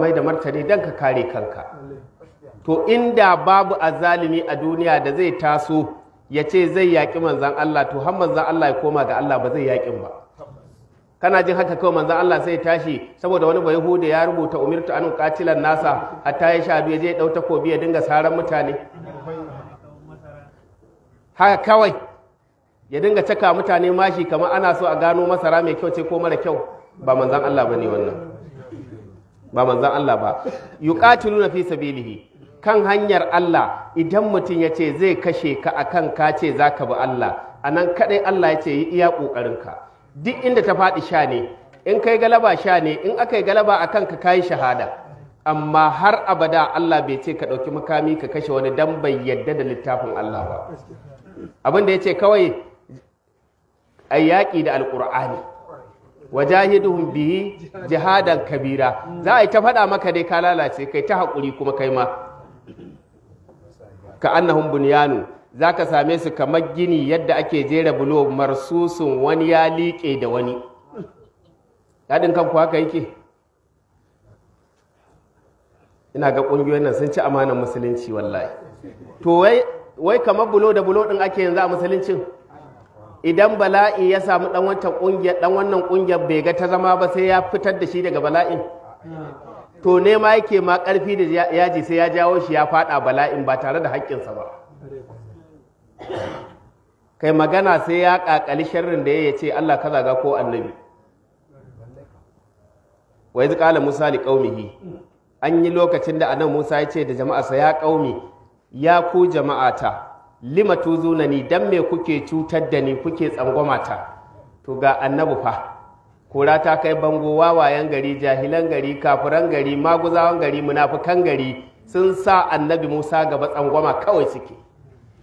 mai da martani don ka kare kanka to inda babu azalimi a duniya da zai taso ya ce zai yaƙi manzan Allah to har manzan Allah ya koma ga Allah ba zai yaƙin ba kana jin haka kawai manzan Allah sai tashi saboda wani bai hude ya rubuta umirtu an katilan nasa ta ya sha biye je dau takobi ya dinga saran mutane haka kawai ya dinga caka mutane mashi kamar ana so a gano masara mai kyau ce ko mara kyau ba manzan Allah ne wannan ba manzan Allah ba nuna fi sabilihi kan hanyar Allah idan mutum ya ce zai kashe ka akan ka ce ka bi Allah anan kadai Allah ya ce yi iya kokarin ka duk inda ta faɗi sha ne in kai galaba sha ne in aka yi galaba akan ka kayi shahada amma har abada Allah bai ce ka ɗauki mukami ka kashe wani dan bai yadda da littafin Allah ba abin da ya ce kawai a yaƙi da alƙur'ani wajahiduhum bihi jihadan kabira za a yi ta faɗa maka dai ka lalace kai ta hakuri kuma kai ma ka annahum bunyanu za ka same su kamar gini yadda ake jera bulo marsusun wani ya liƙe da wani daɗin ku haka yake ina ga ƙungiyoyin nan sun ci amanar musulunci wallahi to wai kamar bulo da bulo ɗin ake yanzu a musuluncin idan bala'i ya samu dan dan wannan kungiyar bai ga ta zama ba sai ya fitar da shi daga bala'in to ne ma yake ma karfi da yaji sai ya jawo shi ya fada bala'in ba tare da haƙƙinsa ba kai magana sai ya kakali sharrin da ya ce Allah kaza ga ko annabi wa iz qala musa li qaumihi an yi lokacin da anan musa ya ce da sa ya qaumi ya ku jama'ata lima zuna ni dan me kuke cutar da ni kuke tsangwamata to ga Annabu fa kura ta kai bango wawayen gari jahilan gari kafiran gari maguzawan gari munafukan gari sun sa annabi Musa gaba tsangwama kawai suke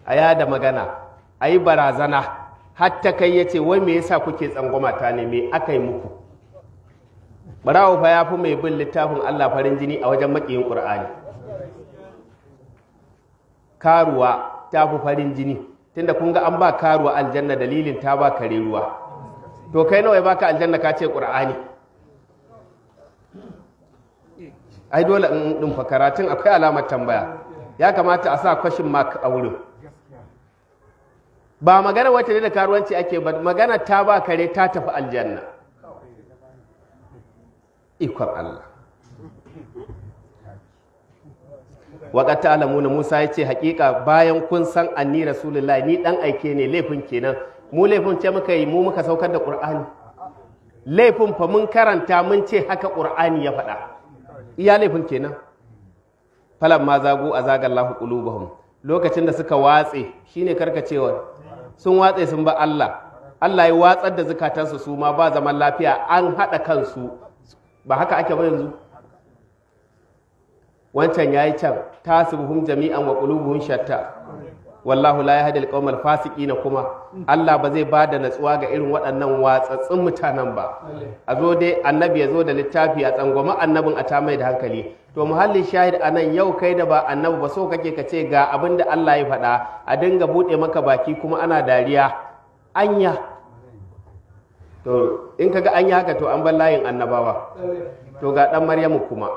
a yada magana a yi barazana hatta kai ya ce wai me yasa kuke tsangwama ta ne me aka yi muku barawo fa ya fi mai bin littafin Allah farin jini a wajen makiyin Kur'ani? karuwa ta fi farin jini tunda kun ga an ba karuwa aljanna dalilin ta ba kare ruwa to kai nawa ya baka aljanna ka ce ƙura'ani ai dole in din karatun akwai alamar tambaya ya kamata a sa kwashin mark a wurin ba magana wata da karuwanci ake ba magana ta ba kare ta tafi aljanna ikon Allah wa alamu na Musa ya ce haƙiƙa bayan kun san anni Rasulullah ni dan aike ne laifin kenan mu laifin ce muka yi mu muka saukar da ƙur'ani laifin fa mun karanta mun ce haka ƙur'ani ya faɗa iya laifin kenan falan ma a zagar azagallahu qulubahum lokacin da suka watse shine karkacewa sun watse sun ba Allah Allah ya watsar da zukatansu su ma ba zaman lafiya an haɗa kansu ba haka ake ba yanzu wancan ya yi can ta buhun jami'an wa qulubuhum shatta wallahu la ya haɗe alƙawar fasiki na kuma Allah ba zai ba da natsuwa ga irin waɗannan watsatsun mutanen ba a zo dai annabi ya zo da littafi a tsangwama annabin a mai da hankali to muhallin shahid nan yau kai da ba annabi ba so kake ka ce ga abin da Allah ya faɗa a dinga buɗe maka baki kuma ana dariya anya to in kaga anya haka to an bar layin annabawa to ga ɗan maryamu kuma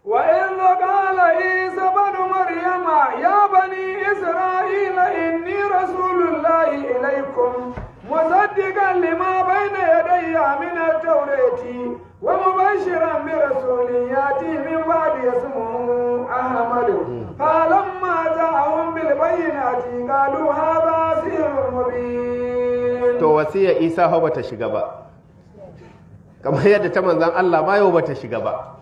Wa'izu kala Isa, Baru Mariyama, ya bani Isra'ila in rasulullahi elaykum. Musaddigan Limamai ne ya daina Amina taure ki. Wani da sunayyaci, mun mata a ungulduyi shiga ba. Kamar yadda ta ma Allah ba yau ba ta shiga ba.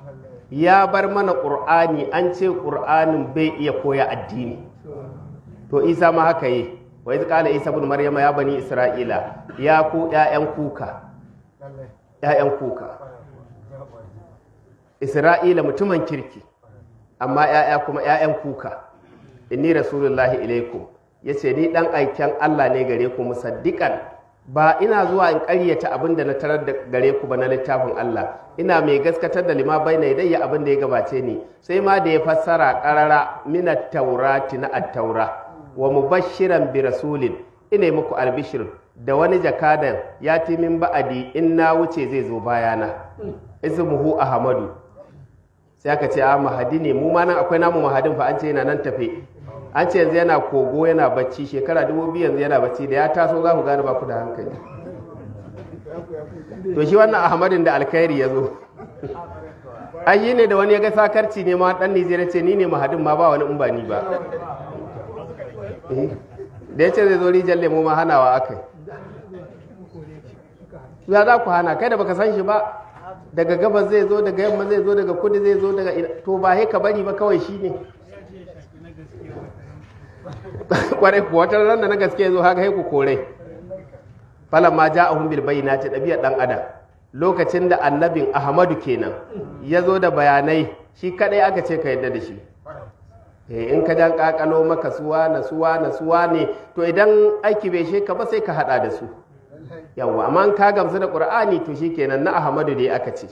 ya bar mana ƙur'ani an ce ƙur'anin bai iya koya addini to isa ma haka yi wa yi qala isa bin maryama ya bani isra'ila ya ku ƴaƴan kuka ƴaƴan kuka isra'ila mutumin kirki amma ƴaƴa kuma ƴaƴan kuka inni rasulullahi ilaikum yace ni dan aiken Allah ne gare ku musaddiqan ba ina zuwa in ƙaryata abin da na tarar da gare ku ba na littafin Allah ina mai gaskatar da lima bai na ya abin da ya gabace ni sai ma da ya fassara ƙarara mina taurati na attaura wa mubashiran bi rasulin ina muku albishir da wani jakadan ya ti min ba'adi in na wuce zai zo bayana ismuhu ahmadu sai aka ce a ah, mahadi ne mu ma nan akwai namu mahadin fa an ce yana nan tafe an ce yanzu yana kogo yana bacci shekara dubu biyu yanzu yana bacci da ya taso za ku gane ba ku da hankali to shi wannan ahmadin da alkhairi ya zo an yi ne da wani ya ga sakarci ne ma dan nijeriya ce ni ne mahadin ma ba wani in ba ni ba eh, da ya ce zai zo rijiyar lemo ma hanawa aka yi ya za ku hana kai da baka san shi ba daga gabas zai zo daga yamma zai zo daga kudu zai zo daga to ba he ka bari ba kawai shi ne kwarai ku wata ran da na gaske zo haka haiku kore falan ma ja'ahum bil ce ɗabi'a ɗan adam lokacin da annabin ahmadu kenan ya zo da bayanai shi kaɗai aka ce ka yadda da shi eh, in ka dan kakalo maka suwa na suwa na suwa ne to idan aiki bai sheka ba sai ka haɗa da su yawa amma ka gamsu da qur'ani to kenan na ahmadu dai aka ce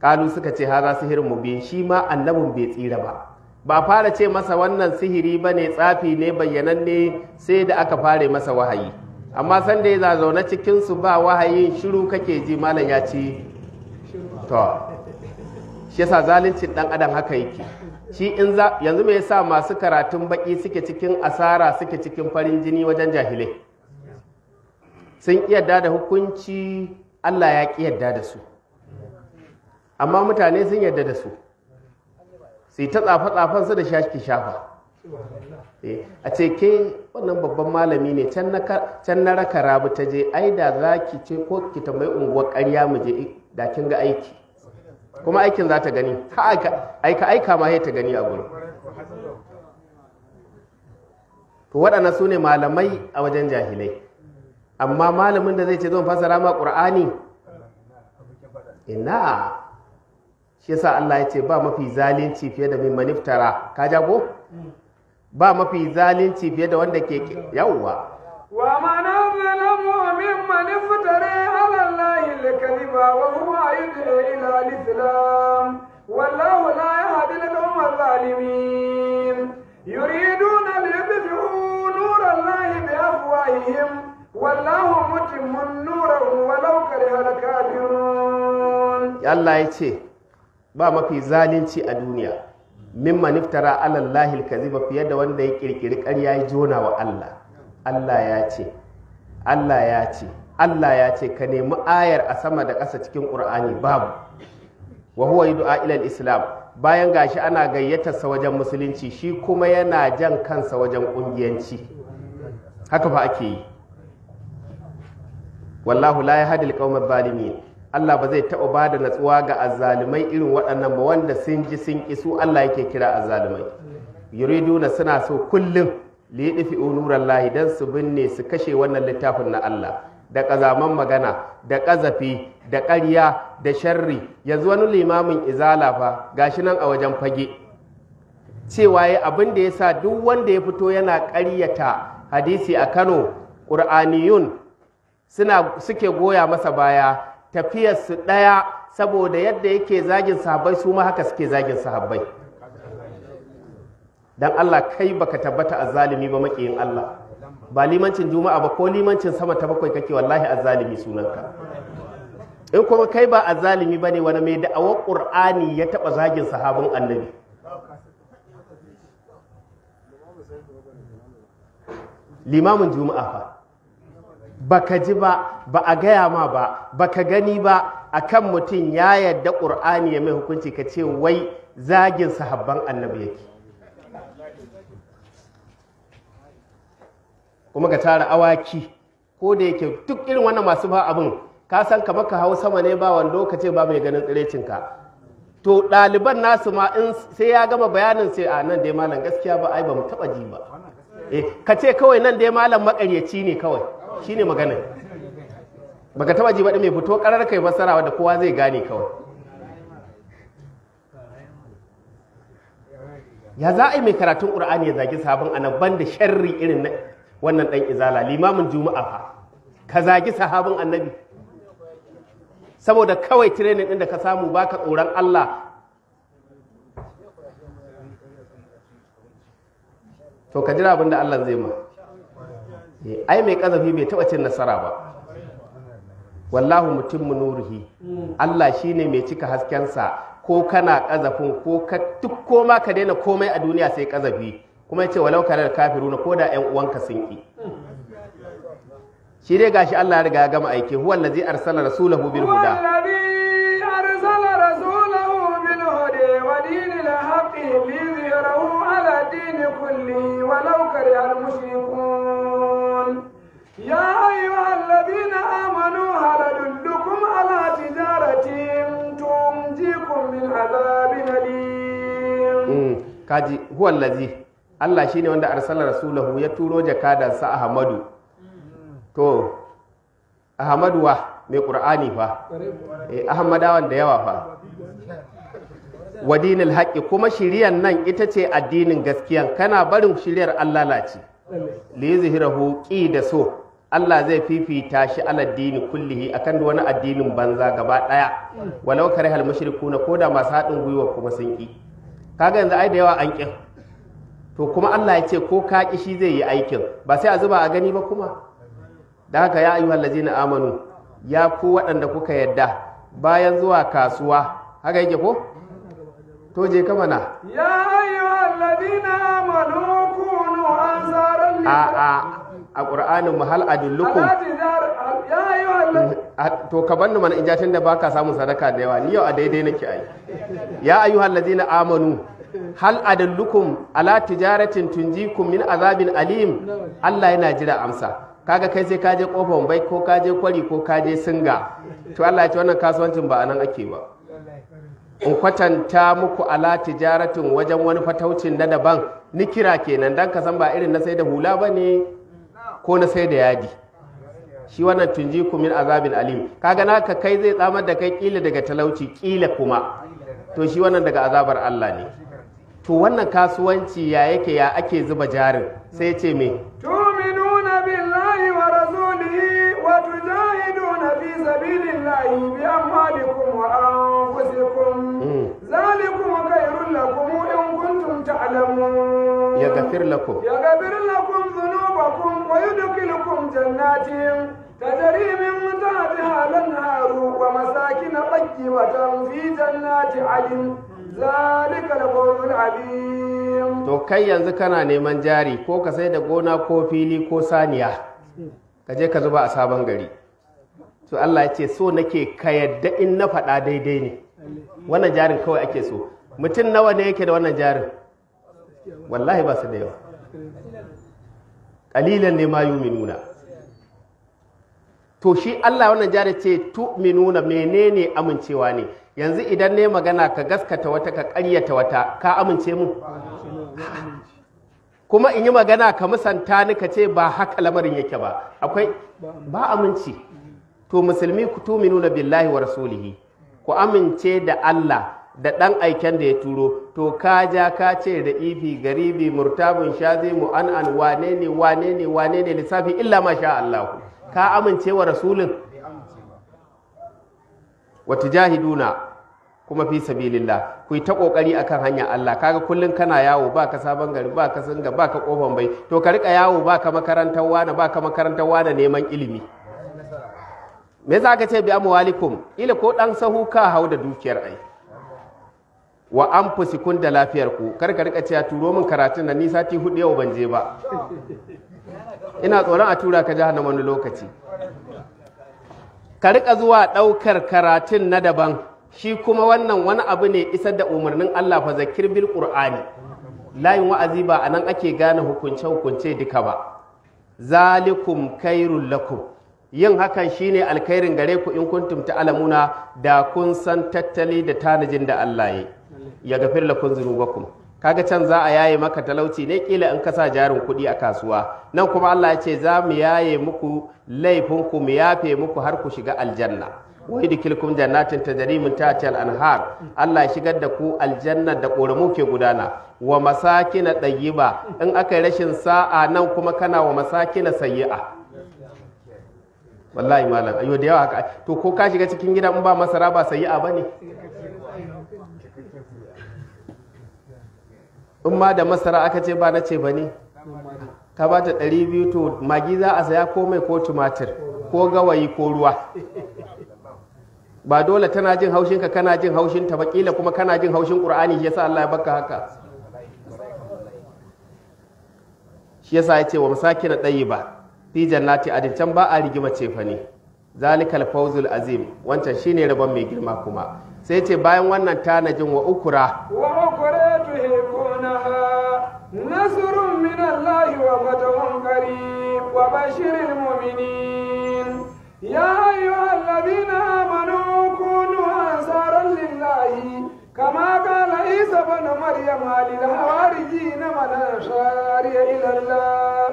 kalu suka ce haza mu mubin shi ma annabin bai tsira ba ba fara ce masa wannan sihiri ba ne tsafi ne bayyananne sai da aka fara masa wahayi amma sanda da ya zaune cikinsu ba wahayin shiru kake ji malam ya ci to shi yasa zaluncin dan adam haka yake shi in za yanzu me yasa masu karatun baki suke cikin asara suke cikin farin jini wajen jahilai sun yarda da hukunci Allah ya ƙi yadda da su amma mutane sun yarda da su sai ta tsafa-tsafan su da shaki shafa eh, a ce ke wannan babban malami ne can na raka rabu ta je ai da za ki ce ko ki tambayi unguwar karya mu je da kin ga aiki kuma aikin za ta gani aika aika ma ta gani a gurin to waɗannan su ne malamai a wajen jahilai amma malamin da zai ce zan fasara ma ƙur'ani ina shi yasa Allah ya ce ba mafi zalunci fiye da mai maniftara ka jago ba mafi zalunci fiye da wanda ke yawwa wa man zalamu mimman iftara ala allahi al-kadhiba wa huwa yad'u ila al-islam wallahu la yahdi al-qawm al-zalimin yuriduna liyudfi'u nur allahi bi afwahihim wallahu mutimmu nurahu walau kariha al-kafirun Allah ya ce ba mafi zalunci a duniya mimma niftara alallahi alkaziba fiye da wanda ya kirkiri ƙarya ya jona wa Allah Allah ya ce Allah ya ce Allah ya ce ka nemi ayar a sama da ƙasa cikin Qur'ani babu wa huwa yud'a ila islam bayan gashi ana gayyatar sa wajen musulunci shi kuma yana jan kansa wajen ƙungiyanci. haka fa ake yi wallahu la yahdi alqawma zalimin Allah ba zai taɓa ba da natsuwa ga azzalumai irin waɗannan ba wanda sun ji sun isu Allah yake kira azzalumai yuriduna suna so kullum liɗifi unurar lahi don su binne su kashe wannan littafin na Allah da ƙazaman magana da ƙazafi da ƙarya da sharri yanzu wani limamin izala fa gashi nan a wajen fage cewa ya abin da ya sa duk wanda ya fito yana ƙaryata hadisi a Kano ƙur'aniyun suke goya masa baya tafiyarsu ɗaya saboda yadda yake zagin sahabbai su ma haka suke zagin sahabbai dan Allah kai baka tabbata zalimi ba makiyin Allah ba limancin juma'a ba ko limancin sama ta bakwai kake wallahi zalimi sunanka in kuma kai ba azzalimi bane wani mai da'awar qur'ani ya taba zagin sahabin annabi limamin juma'a fa baka ji ba ba a gaya ma ba baka gani ba a kan mutum ya yarda ƙur'ani ya mai hukunci ka ce wai zagin sahabban annabi yake kuma ka tara awaki ko da yake duk irin wannan masu ba abin ka san ka ka hau sama ne ba wando ka ce ba mai ganin tsirecinka to ɗaliban nasu ma in sai ya gama bayanin sai a nan dai malam gaskiya ba ai ba mu taɓa ji ba eh, ka ce kawai nan dai malam makaryaci ne kawai Shi ne magana ka taba ji baɗi mai fito ƙarar kai fassara wadda kowa zai gane kawai ya za a yi mai karatun ƙur'ani ya zagi sahabin ban da sharri irin na wannan ɗan izala limamin juma'a fa ka zagi sahabin annabi saboda kawai tirenin ɗin da ka samu baka tsoron Allah to ka jira abin da Allah zai ma ai mai kazafi bai taba cin nasara ba wallahu mutum nurihi Allah shine mai cika haskensa ko kana kazafin ko duk koma ka daina komai a duniya sai kazafi kuma yace walau kana kafiruna ko da ƴan uwanka sun ki shi dai gashi Allah ya riga ya gama aiki huwa allazi arsala rasulahu bil huda bil يا أيها الذين آمنوا هل أدلكم على تجارة تنجيكم من عذاب أليم كاجي هو الذي Allah shine wanda arsala rasulahu ya turo jakadansa Ahmadu to Ahmadu wa mai Qur'ani fa eh Ahmadawan da yawa fa wa dinil haqqi kuma shiriyan nan ita ce addinin gaskiya? kana barin shiryar Allah lalace li yuzhirahu qi da so Allah zai fifita shi ala a kan akan wani addinin banza gaba ɗaya walau kare hal ko da masu haɗin gwiwa kuma sun ki kaga yanzu ai da yawa an ƙin. to kuma Allah ya ce ko ka ki shi zai yi aikin ba sai a zuba a gani ba kuma da haka ya ayyuhal ladina amanu ya ku waɗanda kuka yadda bayan zuwa kasuwa haka yake ko to je ka mana ya ayyuhal ladina amanu kunu ansaran a a a ƙur'anin mahal adullukum to ka banni mana in jatin da ka samun sadaka da yawa ni yau a daidai nake ai ya ayyuhal ladina amanu hal adullukum ala tijaratin tunjikum min azabin alim Allah yana jira amsa kaga kai sai ka je kofar bai ko kaje je kwari ko ka singa to Allah ya ce wannan kasuwancin ba anan ake ba in kwatanta muku ala tijaratin wajen wani fataucin na daban ni kira kenan dan ka san ba irin na sai da hula bane ko na sai da yadi shi wannan tunji min azabin alim kaga naka kai zai tsamar da kai kila daga talauci kila kuma to shi wannan daga azabar Allah ne to wannan kasuwanci ya yake ya ake zuba jarin sai ce me tu'minuna billahi wa rasulihi wa tujahiduna fi sabilillahi bi amwalikum wa anfusikum mm. zalikum khairul lakum in kuntum ta'lamun يغفر لكم يغفر لكم ذنوبكم ويدخلكم جنات تجري من تحتها الانهار ومساكن طيبة في جنات عدن ذلك الفوز العظيم to kai yanzu kana neman jari ko ka sai da gona ko fili ko saniya ka je ka zuba a sabon gari to Allah ce so nake ka yadda in na faɗa daidai ne wannan jarin kawai ake so mutum nawa ne yake da wannan jarin wallahi ba su da yawa ƙalilan ne ma nuna. to shi Allah wannan jari ce tu tu'minuna menene amincewa ne yanzu idan ne magana ka gaskata wata ka ƙaryata wata ka amince mu kuma in yi magana ka musanta ni ka ce ba haka lamarin yake ba akwai ba aminci to musulmi ku tu nuna billahi wa rasulihi ku amince da Allah da ɗan aiken da ya turo to ka ja ka ce da ifi garibi murtabun shazi an an wane ne wane ne wane ne lissafi illa ma sha Allah ka amince wa rasulun wata jahiduna kuma fi sabilillah ku yi ta kokari akan hanya Allah kaga kullun kana yawo ba ka sabon gari ba ka singa ba ka kofan bai to ka rika yawo ba ka makarantar wana ba ka makarantar neman ilimi me za ka ce bi amwalikum ila ko dan sahu ka hau da dukiyar ai wa anfusikum da lafiyarku kar ka rika cewa turo min karatun nan ni sati hudu yau ban je ba ina tsoron a tura ka jahannama wani lokaci ka rika zuwa ɗaukar karatun na daban shi kuma wannan wani abu ne isar da umarnin Allah fa zakir bil qur'ani layin wa'azi ba anan ake gane hukunce hukunce duka ba zalikum khairul lakum yin hakan shine alkhairin gare ku in kuntum ta'lamuna da kun san tattali da tanajin da Allah yi ya ga lakum dhunubakum kaga can za a yaye maka talauci ne kila in kasa jarin kuɗi a kasuwa nan kuma Allah ya ce za mu yaye muku laifin ku mu yafe muku har ku shiga aljanna wa yudkhilukum jannatin tajri min tahtiha al-anhar Allah ya shigar da ku aljanna da koramu ke gudana wa masakin tayyiba in aka rashin sa'a nan kuma kana wa masakin sayyi'a wallahi malam ayo da yawa to ko ka shiga cikin gida in ba masara ba sayyi'a bane in ma da masara aka ce ba na ce ba ne ka ba ta ɗari biyu to magi za a saya ko mai ko tumatir ko gawayi ko ruwa ba dole tana jin haushinka kana jin haushin ta bakila kuma kana jin haushin Kur'ani shi yasa Allah ya baka haka shi yasa ya ce wa masaki na ɗayi ba fi jannati adin can ba a rigima ce fa ne zalikal fawzul azim wancan shine rabon mai girma kuma sai ce bayan wannan tanajin wa ukura wa ukura نصر من الله وفتح قريب وبشر المؤمنين يا أيها الذين آمنوا كونوا أنصارا لله كما قال عيسى بن مريم للحواريين من أنصار إلى الله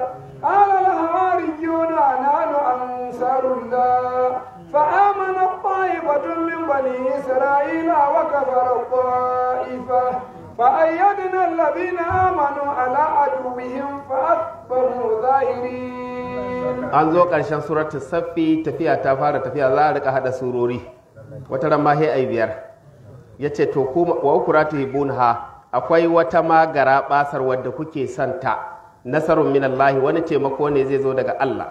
قال الحواريون نحن أنصار الله فآمن الطائفة من بني إسرائيل وكفر الطائفة فأيدنا الذين آمنوا على عدوهم فأكبروا ظاهرين an zo ƙarshen suratu saffi tafiya ta fara tafiya za a rika hada surori wata ran ma ai biyar ya ce to ku wa ukuratu ha akwai wata ma gara basar wadda kuke santa nasarun minallahi wani taimako ne zai zo daga Allah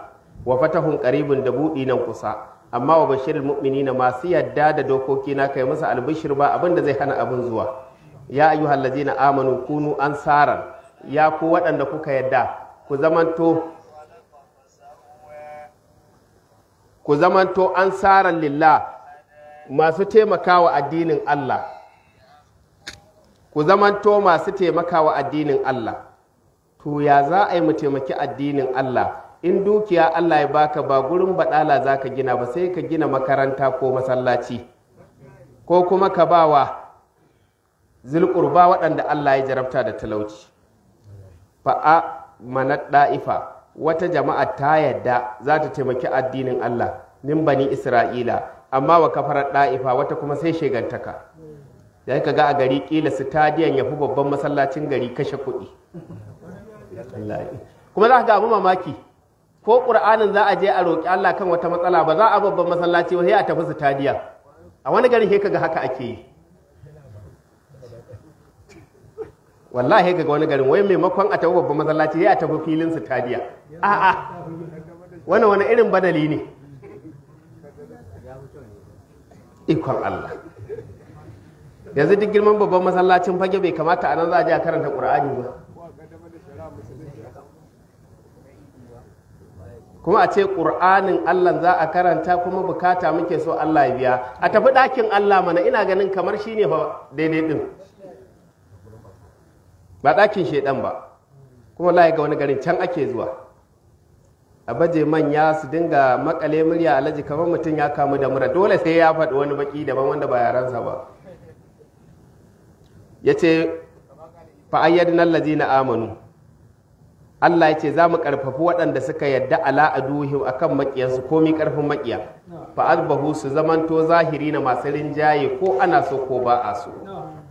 wa fatahun qaribun da buɗi nan kusa amma wa bashirul mu'minina masu yadda da dokoki na kai masa albishir ba abinda zai hana abin zuwa ya ayyuhal na amanu kunu tsara ya ku waɗanda kuka yadda ku zamanto ku zamanto ansaran lillah masu taimakawa addinin Allah ku zamanto masu taimakawa addinin Allah to ya za a yi mu taimaki addinin Allah in dukiya Allah ya baka ba gurin baɗala za ka gina ba sai ka gina makaranta ko masallaci ko kuma ka bawa ba waɗanda Allah ya jarabta da talauci fa'a manat ɗa'ifa wata jama'a ta yadda za ta taimaki addinin Allah min bani Isra'ila amma wa kafarar ɗa'ifa wata kuma sai shegantaka ya ga a gari ƙila sitadiyan ya fi babban masallacin gari kashe kuɗi kuma za ka ga abu mamaki ko ƙur'anin za a je a roƙi Allah kan wata matsala ba za a babban masallaci ba sai a tafi sitadiya a wani gari sai ka ga haka ake yi wallahi ga wani garin wai maimakon a tafi babban masallaci ya a tafi filin su tadiya a'a wani wani irin badali ne ikon Allah yanzu duk girman babban masallacin fage bai kamata a nan za a ji a karanta ƙur'ani ba kuma a ce ƙur'anin Allah za a karanta kuma bukata muke so Allah ya biya a tafi ɗakin Allah mana ina ganin kamar shine fa daidai ɗin ba ɗakin shaidan ba kuma layi ga wani garin can ake zuwa a baje manya su dinga makale murya alaji kamar mutum ya kamu da mura dole sai ya faɗi wani baki daban wanda ba yaransa ba ya ce nan allazi na amanu Allah ya ce za mu ƙarfafi waɗanda suka yadda ala a duhim a kan maƙiyansu komi ƙarfin maƙiya bahu su zamanto zahiri na masu rinjaye ko ana so ko ba a so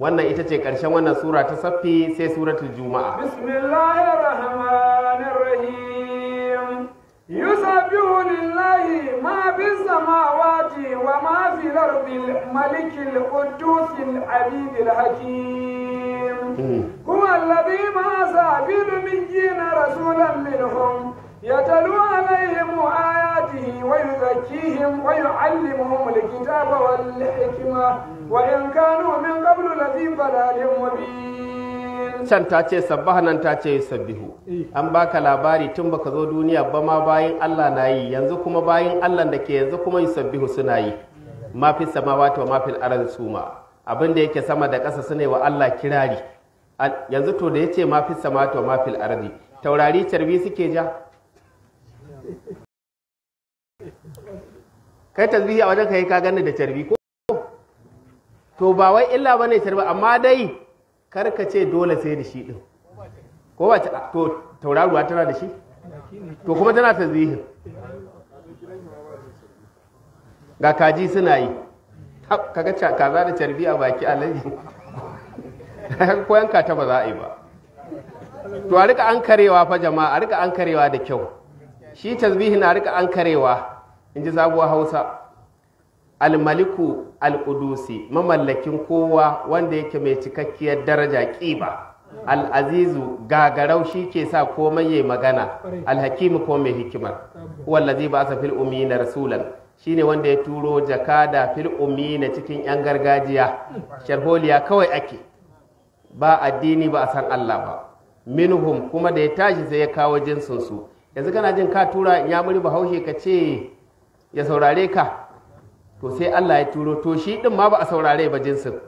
wannan ita ce ƙarshen wannan sura ta saffi sai suratul juma'a bismillahir rahmanir rahim yusabbihu lillahi ma fis samawati wa ma fil ardi malikil qudusil abidil hakim hmm. huwa alladhi ma sa bil rasulan minhum يتلو عليهم آياته ويزكيهم ويعلمهم الكتاب والحكمة وإن كانوا من قبل لفي ضلال مبين can ta ce sabbaha nan ta ce sabbihu eh. an baka labari tun baka zo duniya ba ma bayan Allah na yi yanzu kuma bayin Allah da ke yanzu kuma yusabbihu suna yi ma fi samawati wa ma fi al'arzi suma abin da yake sama da ƙasa ne wa Allah kirari yanzu to da ce ma fi samawati wa ma fi al'arzi taurari carbi suke ja kai tasbihi a wajen yi ka gani da carbi ko to ba wai illa bane carbi amma dai kar ka ce dole sai da shi din ko ba to tauraruwa tana da shi to kuma tana tasbihi ga kaji suna yi kaga kaza da carbi a baki a lai ko yanka ta ba za a yi ba to a rika an karewa fa jama'a a rika an karewa da kyau shi tasbihi na rika an karewa in ji sabuwar hausa almaliku alƙudusi mamallakin kowa wanda yake mai cikakkiyar daraja ƙiba al'azizu gagarau shi ke sa komai ya magana alhakimu ko mai hikimar wallazi ba sa fil umina rasulan shine wanda ya turo jakada fil umina cikin yan gargajiya sharholiya kawai ake ba addini ba a san Allah ba minhum kuma da ya tashi sai ya kawo jinsinsu yanzu kana jin ka tura ya muri bahaushe ka ce ya saurare ka to sai Allah ya turo to shi din ma ba a saurare ba jinsin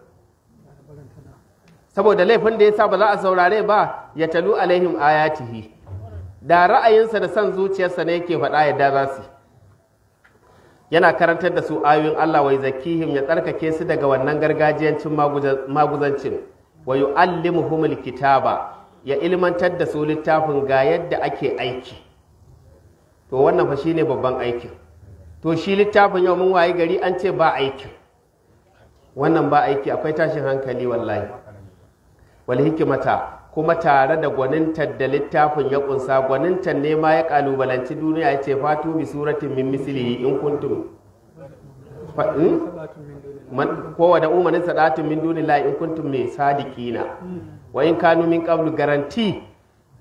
saboda laifin da ya sa ba za a saurare ba ya talu alaihim ayatihi da ra'ayinsa da son zuciyarsa ne yake faɗa yadda za su yana karantar da su ayoyin Allah wai zakihim ya tsarkake su daga wannan gargajiyancin maguzancin wa yu'allimuhumul kitaba ya ilmantar da su littafin ga yadda ake aiki to wannan fa shine babban aikin to shi littafin yau mun waye gari an ce ba aiki? wannan ba aiki akwai tashin hankali wallahi wal hikimata kuma tare da gwaninta da littafin ya kunsa gwaninta ne ma ya kalubalanci duniya ya ce fatu bi suratin min mislihi in kuntum hmm? kowa da umarnin sadatun min dunillahi in kuntum mai sadiqina wa in kanu min qablu garanti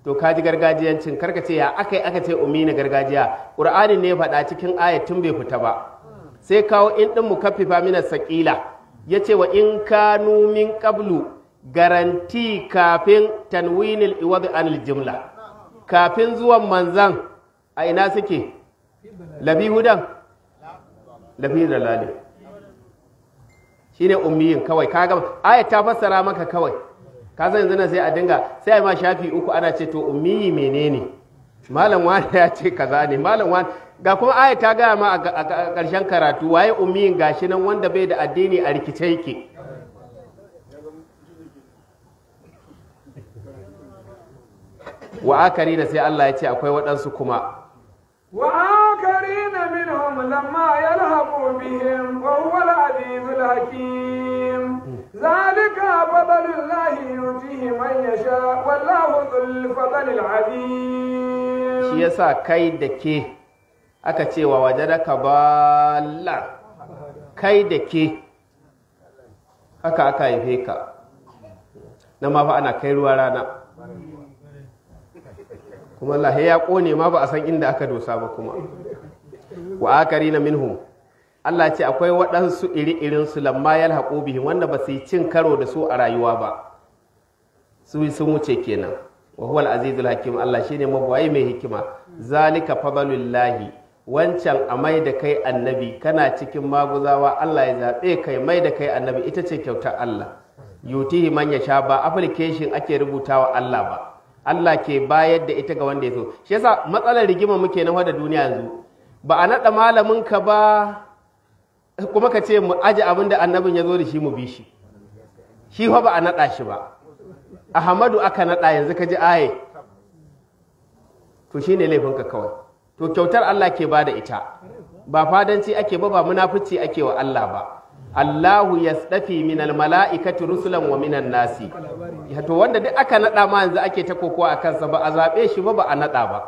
to ka ji gargajiyancin karka ce ya aka yi aka ce umi na gargajiya ƙur'ani ne faɗa cikin ayatun tun bai fita ba sai kawo in ɗin mu kafifa mina saƙila ya ce wa in ka numin ƙablu garanti kafin tanwinil iwadu anil jimla kafin zuwan manzan a ina suke labi hudan labi da Shi shine ummiyin kawai kaga ayat ta fassara maka kawai ka zan yanzu sai a dinga sai a ma shafi uku ana ce to ummi menene malam wani ya ce kaza ne malam wani ga kuma aya ta gaya ma a ƙarshen karatu waye ummiyin gashi nan wanda bai da addini a rikice yake wa akari da sai Allah ya ce akwai waɗansu kuma وآخرين منهم لما يلحقوا بهم وهو العزيز الحكيم ذلك فضل الله يؤتيه من يشاء والله ذو الفضل العظيم shi yasa kai da ke aka ce wa wajadaka balla kai da ke haka aka haife kuma Allah ya kone ma ba a san inda aka dosa ba kuma wa akari na minhu Allah ce akwai waɗansu iri-irin su lamma yal haƙobihi wanda ba su yi cin karo da su a rayuwa ba su sun wuce kenan wa huwal azizul hakim Allah shine mabuwayi mai hikima zalika fadlullahi wancan a mai da kai annabi kana cikin maguzawa Allah ya zaɓe kai mai da kai annabi ita ce kyautar Allah yutihi man sha ba application ake rubuta wa Allah ba Allah ke bayar da ita ga wanda ya so shi yasa matsalar rigima muke na wada duniya yanzu ba a naɗa malamin ka ba kuma ka ce mu aji abin da annabin ya zo da shi mu bi shi shi fa ba a naɗa shi ba Ahmadu aka naɗa yanzu ka ji aye to shine laifin ka kawai to kyautar Allah ke bada ita ba fadanci ake ba ba munafici ake wa Allah ba Allahu ya tsafi minal mala'ikati rusulan wa minan nasi. To wanda duk aka naɗa ma yanzu ake ta kokowa a kansa ba a zaɓe shi ba ba a naɗa ba.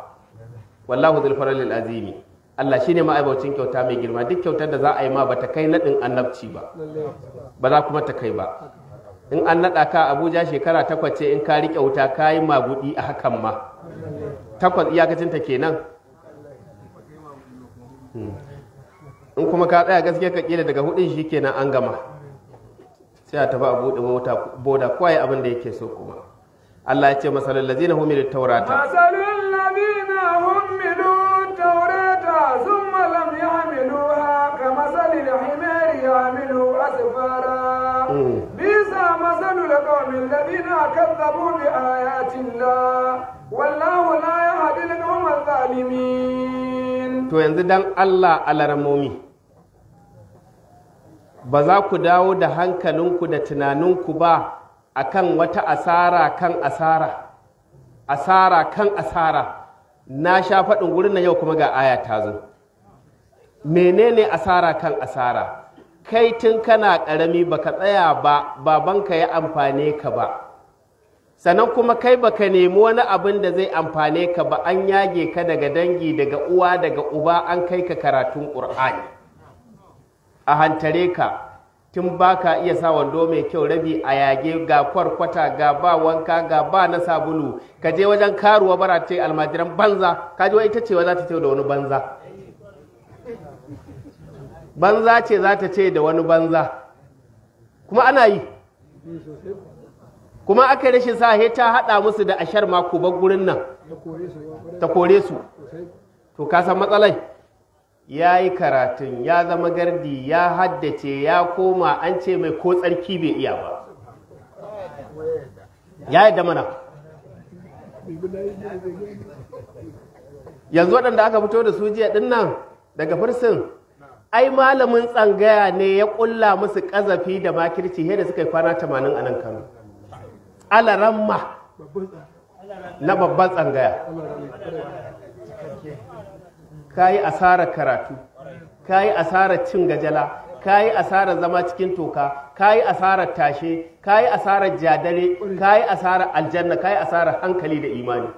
Wallahu zulfaralil azimi. Allah shi ne ma'aibacin kyauta mai girma duk kyautar da za a yi ma ba ta kai naɗin annabci ba. Ba za kuma ta kai ba. In an naɗa ka Abuja shekara takwas ce in ka riƙe wuta ka yi magudi a hakan ma. Takwas iyakacinta kenan. Hmm. in kuma ka tsaya gaskiya ka kila daga hudun shi kenan an gama sai a tafi a buɗe mota boda kowa ya abin da yake so kuma Allah ya ce masalul ladzina hum milut tawrata masalul ladzina hum milut tawrata thumma lam yahmiluha kamasalil himari yahmilu asfara hmm. bisa masalul qawmil ladzina kadzabu bi ayatillah wallahu la ya al da adh-dhalimin to yanzu dan Allah alarmomi ba za ku dawo da hankalinku da tunaninku ba a kan wata asara kan asara asara kan asara na sha faɗin gurin na yau kuma ga aya ta zo menene asara kan asara kai tun kana ƙarami baka tsaya ba babanka ya amfane ka ba sannan kuma kai baka nemi wani abin da zai amfane ka ba an yage ka daga dangi daga uwa daga uba an kai ka karatun ƙur'ani a hantare ka tun baka iya sa wando mai kyau rabi a yage ga kwarkwata ga ba wanka ga ba na sabulu ka je wajen karuwa bara ce almajiran banza ka ji ita ce za ta ce da wani banza banza ce za ta ce da wani banza kuma ana yi kuma aka rashin sa he ta haɗa musu da ashar mako ba gurin nan ta kore su to ka san matsalai ya yi karatun ya zama gardi ya haddace ya koma an ce mai ko tsarki bai iya ba ya yi mana yanzu waɗanda aka fito da su jiya ɗin nan daga fursun ai malamin tsangaya ne ya ƙulla musu ƙazafi da makirci da suka yi kwana 80 a nan kano alaramma na babban tsangaya ka yi asarar karatu ka yi asarar cin gajala ka yi asarar zama cikin toka ka yi asarar tashe ka yi asarar jadare ka yi asarar aljanna ka yi asarar hankali da imani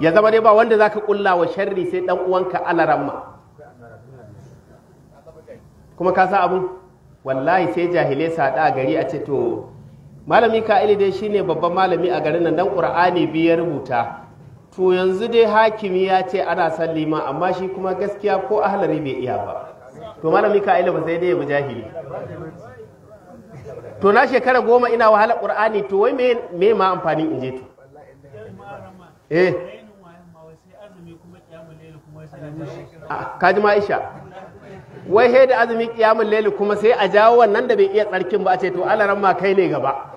ya zama dai ba wanda za ka kulla wa sharri sai dan uwanka alaramma kuma ka sa abin wallahi sai jahilai sada gari a ce to malami ka'ili dai shine babban malami a garin nan dan qur'ani biyar rubuta to yanzu dai hakimi ya ce ana son liman amma shi kuma gaskiya ko ahlari bai iya ba to malami ka'ili ba sai dai ya jahili to na shekara goma ina wahala qur'ani to wai me ma amfanin in je to eh ah, kaji ma wai he da azumi kiyamun laili kuma sai a jawo wannan da bai iya tsarkin ba a ce to alaran ma kai ne gaba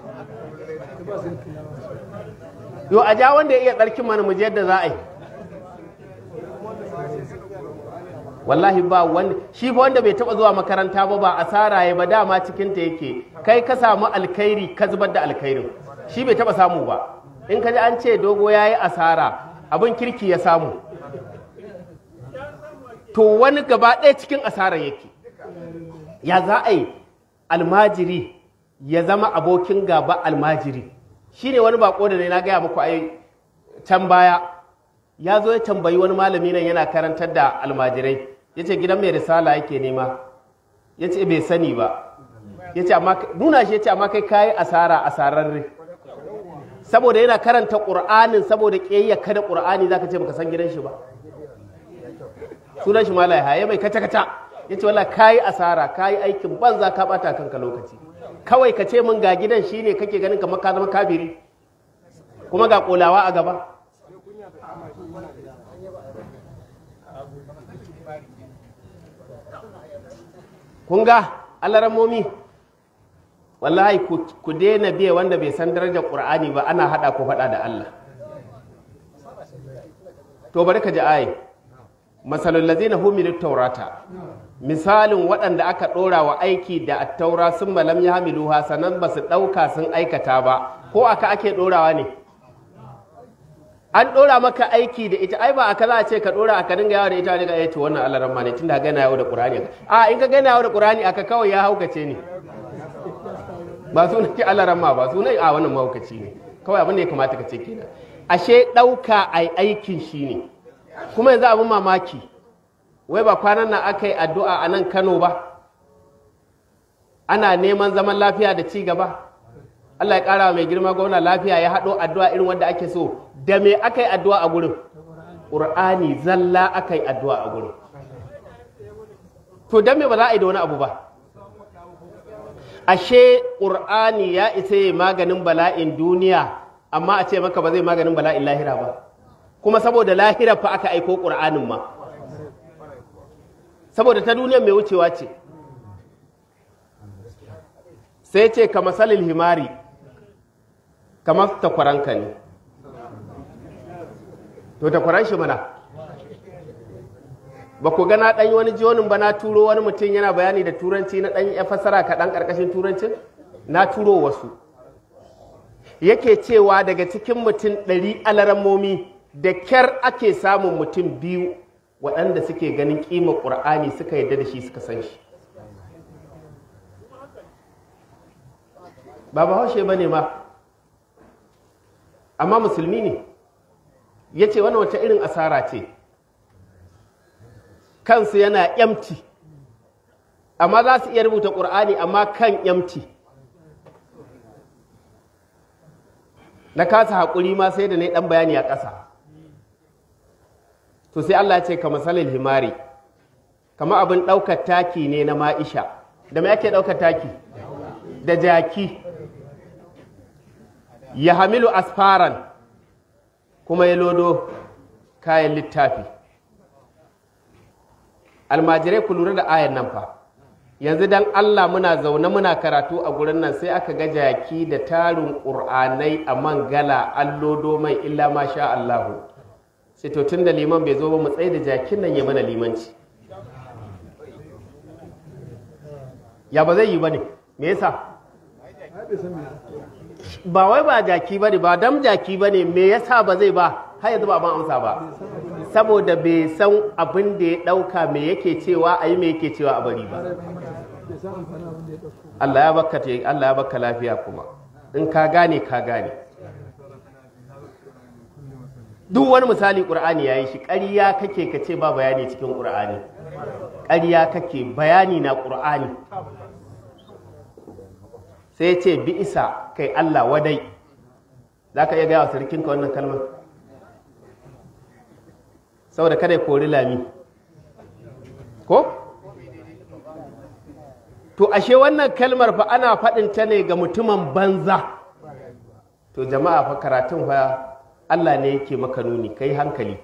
yo a ja wanda ya iya tsarkin mana mu je yadda za a yi wallahi ba wanda shi ba wanda bai taba zuwa makaranta ba ba asara ya ba dama cikinta ta yake kai ka samu alkhairi ka zubar da alkhairin shi bai taba samu ba in ka ji an ce dogo ya yayi asara abin kirki ya samu to wani gaba ɗaya cikin asara yake ya za a yi almajiri ya zama abokin gaba almajiri shi ne wani bako da na gaya muku ai can baya ya zo ya tambayi wani malami nan yana karantar da almajirai ya ce gidan mai risala yake nema ya ce bai sani ba ya ce amma nuna shi ya ce amma kai kayi asara asararre saboda yana karanta ƙur'anin saboda ƙiyayya kada ƙur'ani zaka ce baka san gidan shi ba sunan shi malai haye mai kata kata ya ce wala kayi asara kayi aikin banza ka bata kanka lokaci kawai ka ce min ga gidan shine kake ganin kamar ka zama kafiri kuma ga kolawa a gaba kun ga momi wallahi ku daina biya wanda bai san darajar ƙur'ani ba ana haɗa ku faɗa da Allah to bari ka ji ayin masalul Ladina humilut taurata misalin waɗanda aka ɗora wa aiki da attaura sun malam ya hamiluha sanan ba su ɗauka sun aikata ba ko aka ake ɗorawa ne an ɗora maka aiki da ita ai ba aka za a ce ka ɗora aka dinga yawa da ita ne ga aiki wannan Allah rahma ne da ga yawo da Qur'ani a in ka ga yawo da Qur'ani aka kawai ya haukace ne ba sunan ki Allah rahma ba sunan a wannan mahaukaci ne kawai abin da ya kamata ka ce kenan ashe ɗauka ai aikin shi ne kuma yanzu abin mamaki wai ba kwanan nan aka yi addu'a a nan Kano ba, ana neman zaman lafiya da ci gaba. Allah ya ƙara mai girma gwamna lafiya ya haɗo addu'a irin wanda ake so, da me aka yi addu'a a gurin? Ƙur'ani zalla aka yi addu'a a gurin. To, don me ba za a yi da wani abu ba? Ashe, ƙur'ani ya isa yi maganin bala'in duniya, amma a ce maka ba zai maganin bala'in lahira ba. Kuma saboda lahira fa aka aiko ƙur'anin ma. saboda ta duniya mai wucewa ce sai ce ka masalin himari kamar takwaranka ne to takwaran shi mana ba ku gana ɗan wani jonin ba na turo wani mutum yana bayani da turanci na ɗan ya fasara ɗan ƙarƙashin turancin na turo wasu yake cewa daga cikin mutum ɗari alaramomi da kyar ake samun mutum biyu waɗanda suke ganin ƙima ƙur'ani suka yadda da shi suka san shi ba ba haushe ba ne ma amma musulmi ne ya ce wani wata irin asara ce kansu yana yamci amma za su iya rubuta ƙur'ani amma kan yamci na kasa haƙuri ma sai da na yi ɗan bayani a ƙasa to sai Allah ce ka masalil himari kama abin ɗaukar taki ne na ma'isha da me ake ɗaukar taki da jaki ya hamilu asfaran kuma ya lodo kayan littafi almajirai ku lura da ayan nan fa yanzu dan Allah muna zaune muna karatu a gurin nan sai aka ga jaki da tarin ƙur'anai a mangala an lodo mai illa masha Allahu sai to tun da liman bai zo ba mu tsaye da jakin nan ya mana limanci ya ba zai yi ba ne me yasa ba wai ba jaki ba ne ba dam jaki ba ne me yasa ba zai ba har yanzu ba ban amsa ba saboda bai san abin da ya ɗauka me yake cewa a yi me yake cewa a bari ba Allah ya baka lafiya kuma in ka gane ka gane duk wani misali ƙur'ani ya yi shi ƙarya kake ka ce ba bayani cikin ƙur'ani ƙarya kake bayani na ƙur'ani sai ya ce bi isa kai Allah wadai za ka iya gaya wa sarkinka wannan kalmar saboda kada ya kori lami ko? to ashe wannan kalmar fa ana faɗin ta ne ga mutumin banza to jama'a fa karatun fa Allah ne yake maka nuni kai hankali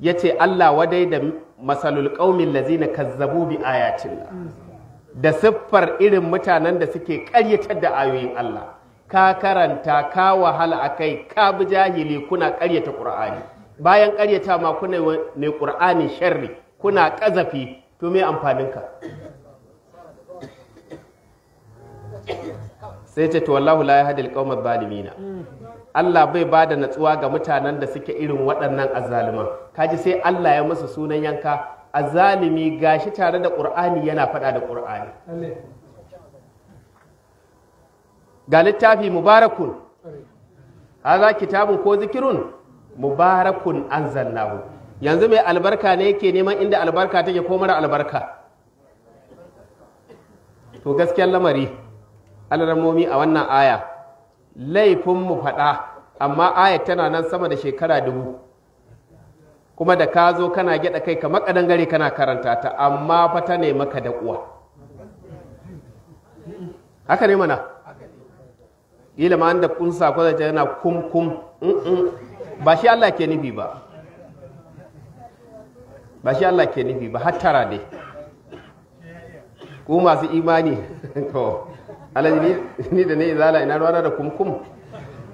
yace Allah wadai da masalul lazina ka kazzabu bi ayatin da siffar irin mutanen da suke karyatar da ayoyin Allah ka karanta ka wahala akai ka bi jahili kuna karyata Qur'ani bayan karyata ma kuna ne Qur'ani sharri kuna ƙazafi to me amfaninka sai ce to wallahu la yahdil qaumadh Balimina. Allah bai ba da natsuwa ga mutanen da suke irin waɗannan azzaluma kaji sai Allah ya musu sunan yanka azzalimi gashi tare da ƙur'ani yana faɗa da ƙur'ani ga littafi mubarakun haza kitabun ko zikirun mubarakun an anzalnahu yanzu mai albarka ne yake neman inda albarka take ko mara albarka to gaskiyar lamari alramomi a wannan aya laifin mu faɗa amma ayat tana nan sama da shekara dubu kuma da ka zo kana gyaɗa kai kamar ƙadangare kana karanta ta amma fa ta ne maka da uwa haka ne mana yila ma da kun ko da yana kum kum mm, mm. ba shi Allah ke nufi ba ba shi Allah ke nufi ba hattara ne ku masu imani to alaji ni da ne izala ina ruwa da kum kum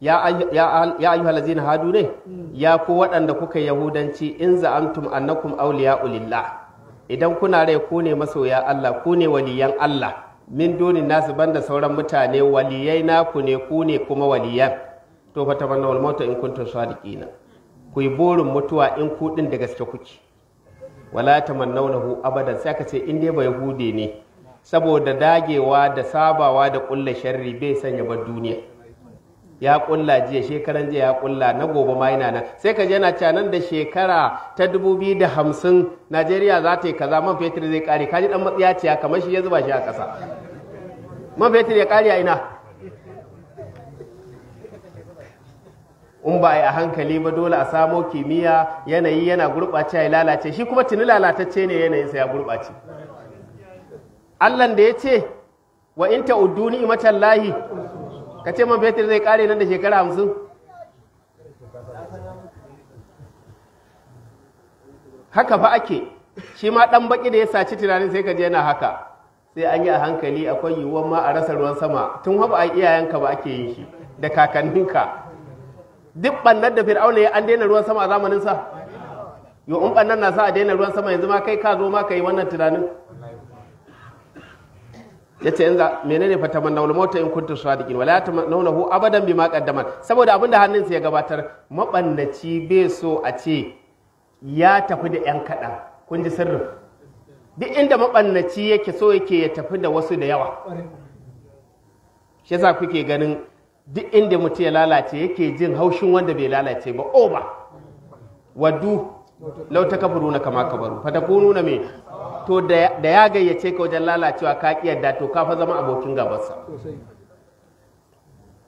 ya ayyuhal ladzina hadu ne mm. ya ku waɗanda kuka yahudanci in za'antum annakum awliya ulillah idan kuna rai ku ne masoya Allah ku ne waliyan Allah min doni nasu banda sauran mutane waliyai naku ne ku ne kuma waliyan to fa tabanna mauta in kuntum sadiqina ku yi burin mutuwa in ku din da gaske kuke wala tamannawnahu abadan sai ka ce in dai ba yahude ne saboda dagewa da sabawa da kullu sharri bai sanya bar duniya ya kulla jiya shekaran jiya ya kulla na gobe ma yana nan sai ka je na nan da shekara ta 2050 Najeriya za ta yi kaza man fetur zai kare ka ji dan ciya kamar shi ya zuba shi a ƙasa man fetur ya kare a ina in ba a hankali ba dole a samo kimiyya yanayi yana gurɓace ya lalace shi kuma tuni lalatacce ne yanayinsa ya gurɓace Allahn da ya ce wa in ta'uddu ni'matallahi ka ce man fetur zai kare nan da shekara hamsin haka fa ake shi ma dan baki da ya saci tunanin sai ka je yana haka sai an yi a hankali akwai yiwuwar ma a rasa ruwan sama tun haɓa a iyayenka ba ake yin shi da kakanninka duk ɓannar da fir'auna ya an daina ruwan sama a zamaninsa yo in ɓannar na sa a daina ruwan sama yanzu ma kai ka zo ma ka yi wannan tunanin yace yanzu menene fa tamannawul mota in kuntum sadiqin wala tamannahu abadan bima qaddamat saboda abin da hannunsa ya gabatar mabannaci bai so a ce ya tafi da yan kaɗan kun ji sirrin duk inda mabannaci yake so yake ya tafi da wasu da yawa shi yasa kuke ganin duk inda mutum ya lalace yake jin haushin wanda bai lalace ba o ba wadu lau ta kafaru na kama kabaru fata kunu na me to da ya gayyace ka wajen lalacewa ka yadda to ka zama abokin gabansa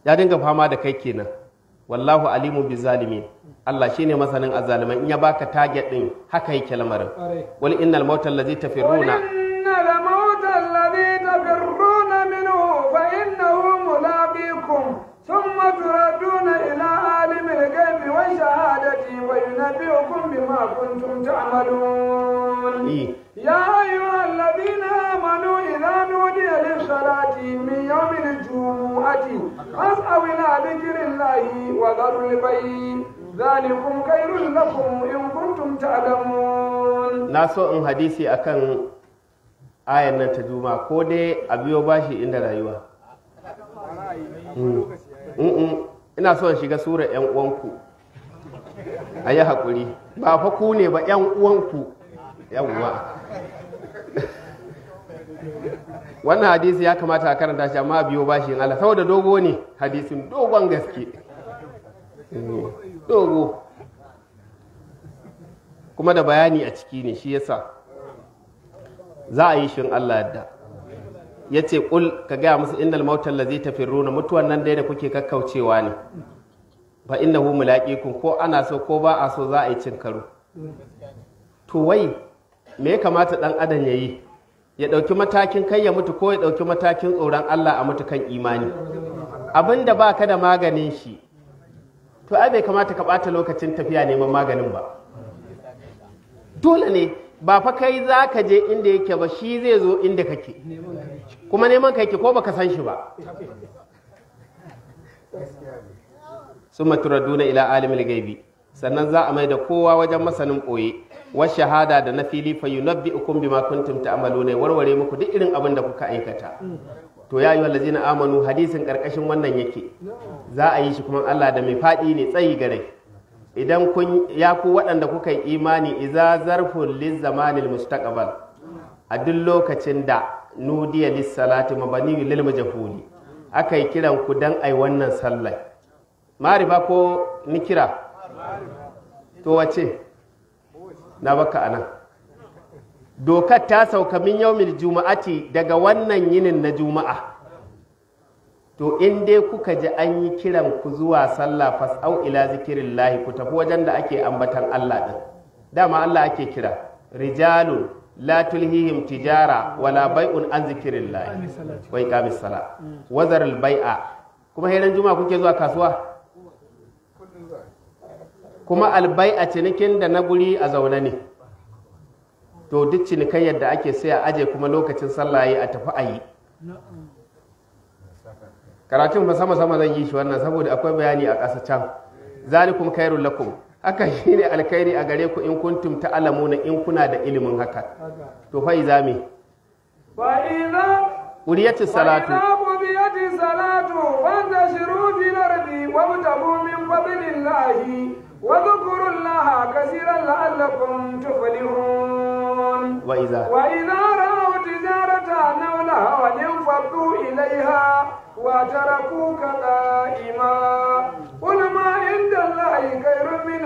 ya dinga fama da kai kenan wallahu alimu bi zalimi Allah shine masanin azalimai, in ya baka target din haka yake lamarin wal innal mautal ladzi tafiruna مثل البيت ذلكم خير لكم إن كنتم تعلمون ناسو إن حديثي أكن آية نتجوما كودي أبيو باشي إن رأيوا ina son shiga sura ‘yan uwanku a yi ba fa ku ne ba ‘yan uwanku ‘yan uwa wannan hadisi ya kamata a karanta shi amma biyo in Allah saboda dogo ne hadisin dogon gaske Eh, dogo kuma da bayani a ciki ne shi yasa za a yi shin Allah yadda ya ce ƙul ka gaya musu inda mautar zai tafi runa mutuwan nan dai da kuke kakkaucewa ne fa inda hu kun ko ana so ko ba a so za a yi cin karo to wai me ya kamata ɗan adam ya yi ya ɗauki matakin kai ya mutu ko ya ɗauki matakin tsoron Allah a mutu kan imani abin da ba da maganin shi to ai bai kamata ka ɓata lokacin tafiya neman maganin ba dole ne ba fa kai za ka je inda yake ba shi zai zo inda kake kuma neman ka yake ko ba ka san shi ba summa duna ila alimil gaibi sannan za a mai da kowa wajen masanin ɓoye wasu shahada da na fili fa yunabbi ukum bima kuntum ta'maluna warware muku duk irin abin da kuka aikata to ya yi na amanu hadisin karkashin wannan yake za a yi shi kuma Allah da mai faɗi ne tsayi gare idan kun ya ku waɗanda kuka yi imani iza zarfun liz zamanil mustaqbal a duk lokacin da nudiya lis salati mabani lil majhuli yi kiran ku dan ai wannan sallar marifa ko nikira to wace na baka anan dokar ta sauka min mil juma'ati daga wannan yinin na juma'a to in dai kuka ji an yi kiran ku zuwa sallah fas'au ila lahi ku tafi wajen da ake ambatan Allah din dama Allah ake kira rijalu, la tulhihim tijara wala bai'un an lahi. wa iqamis sala wazar zaral bai'a kuma hairan juma'a kuke zuwa kasuwa kuma albai'a cinikin da na guri a zaune ne to duk cinikayyar yadda ake sai a aje kuma lokacin sallah yi a tafi a yi karatun ba sama sama zan yi shi wannan saboda akwai bayani a ƙasa can zalikum khairul lakum haka shine alkhairi a gare ku in kun kuntum ta'lamuna in kuna da ilimin haka to fa iza fa iza salatu uriyati salatu wa tashiru fil ardi wa tabu min fadlillahi wa dhkurullaha kaseeran la'allakum tuflihun وإذا وإذا رأوا تجارة نولا وانفضوا إليها وتركوك قائما قل ما عند الله خير من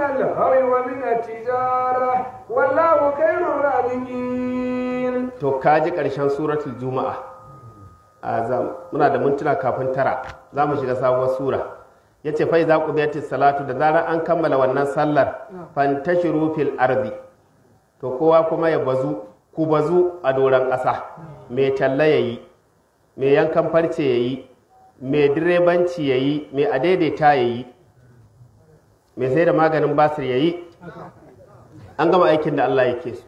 ومن التجارة والله خير الرازقين تو كاجي سورة الجمعة muna da mintuna kafin tara za mu shiga sabuwar sura ya ce fai za ku salatu da zarar an kammala wannan sallar fantashiru fil arzi. to kowa kuma ya bazu ku bazu a doron ƙasa mai talla ya yi mai yankan farce ya yi mai direbanci ya yi mai adaidaita ya yi mai sai da maganin basir ya yi an gama aikin da Allah yake su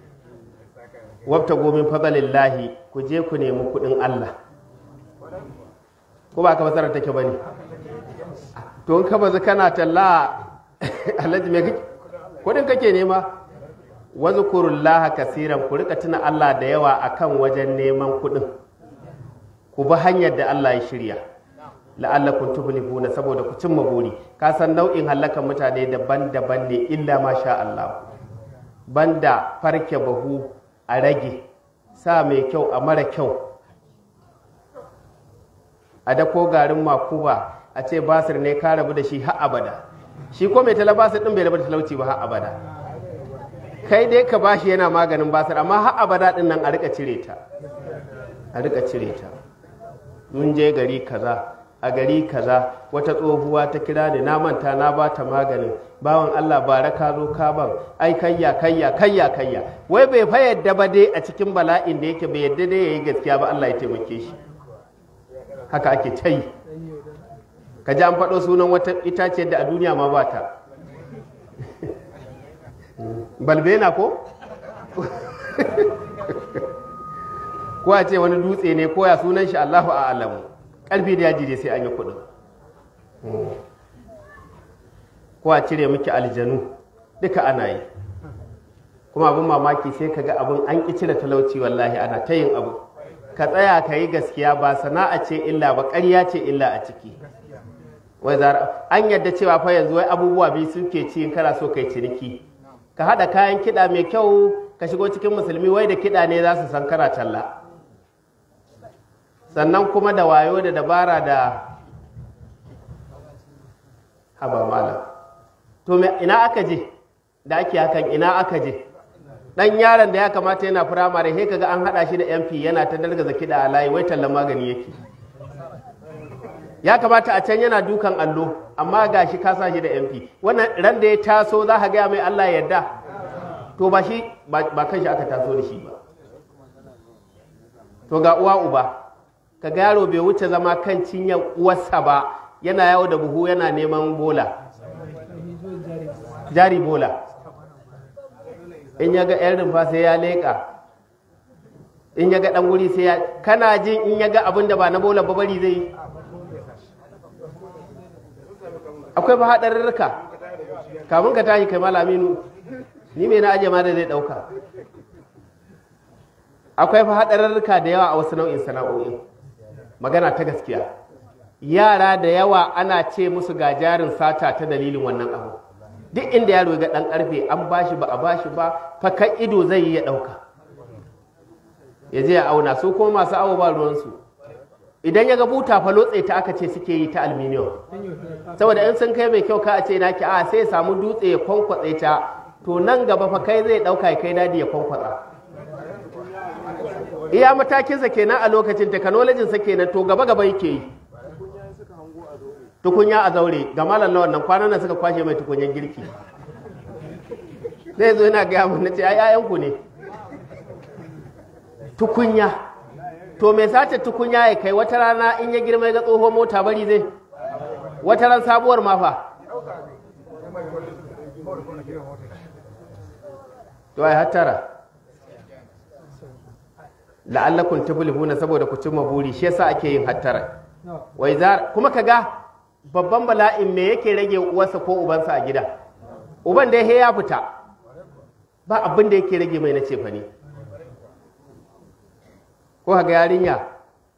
wabta gomin lahi, ku je ku nemi kuɗin Allah ko ba ka masarar take ba ne to in ka bazu kana talla alhaji mai kuɗin kake nema wazkurullaha kasiran ku rika tuna Allah da yawa akan wajen neman kuɗin ku bi hanyar da Allah ya shirya la'allakum buna saboda ku cimma buri ka san nau'in halakan mutane daban-daban ne illa ma sha Allah banda farke bahu a rage sa mai kyau a mara kyau a ko garin makuba a ce basir ne ka rabu da shi har abada shi ko mai talabasir din bai rabu da talauci ba har abada kai dai ka shi yana maganin basir amma har abada din nan a rika cire ta a rika cire ta mun je gari kaza a gari kaza wata tsohuwa ta kira ni na manta na ba ta maganin bawan Allah bara ka zo ka ban ai kayya kayya kayya kayya wai bai fa yadda ba dai a cikin bala'in da yake bai yadda dai yayi gaskiya ba Allah ya taimake shi haka ake tai ka ji an faɗo sunan wata itace da a duniya ma ba ta Balbe na ko ko a ce wani dutse ne ko ya sunan shi Allahu a alamu karfi da yaji dai sai an yi kuɗin ko a cire miki aljanu duka ana yi kuma abin mamaki sai kaga abin an ƙi cire talauci wallahi ana ta yin abu ka tsaya ka yi gaskiya ba sana'a ce illa ba ƙarya ce illa a ciki wai an yadda cewa fa yanzu wai abubuwa biyu suke ci kana so kai ciniki ka haɗa kayan kiɗa mai kyau ka shigo cikin musulmi wai da kiɗa ne za su san kana talla sannan kuma da wayo da dabara da haba mala to ina aka je da ake hakan ina aka je dan yaron da ya kamata yana firamare he kaga an haɗa shi da MP yana ta dalgaza kiɗa a layi wai tallan magani yake ya kamata a can yana dukan allo amma ga shi ka sa shi da MP wannan ran da ya taso za ka gaya mai Allah yadda to ba shi ba kan shi aka taso da shi ba to ga uwa uba ka ga yaro bai wuce zama kan cinya uwarsa ba yana yawo da buhu yana neman bola jari bola in ya ga 'yan rumfa sai ya leƙa in ya ga ɗan wuri sai ya kana jin in ya ga abin da ba na bola ba bari zai akwai ba kamun ka tashi kai malaminu ni mai na ajiye ma da zai ɗauka akwai fa da yawa a wasu nau'in sana'o'i magana ta gaskiya yara da yawa ana ce musu ga jarin sata ta dalilin wannan abu duk inda yaro ga ɗan ƙarfe an bashi ba a bashi ba fakan ido zai yi ya ɗauka ya je ya auna su kuma masu awo ba ruwansu idan ya ga buta fa lotse ta aka ce suke yi ta aluminium saboda in sun kai mai kyau ka a ce naki a ah, sai ya samu dutse ya kwankwatse ta to nan gaba fa kai zai dauka kai dadi ya kwankwatsa iya matakin sa kenan a lokacin technology sa kenan to gaba gaba yake yi tukunya a zaure ga malam na wannan kwanan nan suka kwashe mai tukunyan girki zai zo yana ga mun nace ai ayanku ne tukunya to mai sace tukunya ya kai wata rana in ya girma ga tsohon mota bari zai wata ran sabuwar mafa to ai hattara la'allakum lihuna saboda ku cimma buri shi yasa ake yin hattara wai za kuma kaga babban bala'in me yake rage uwarsa ko ubansa a gida uban dai he ya fita ba abin da yake rage mai na cefani. ko ga yarinya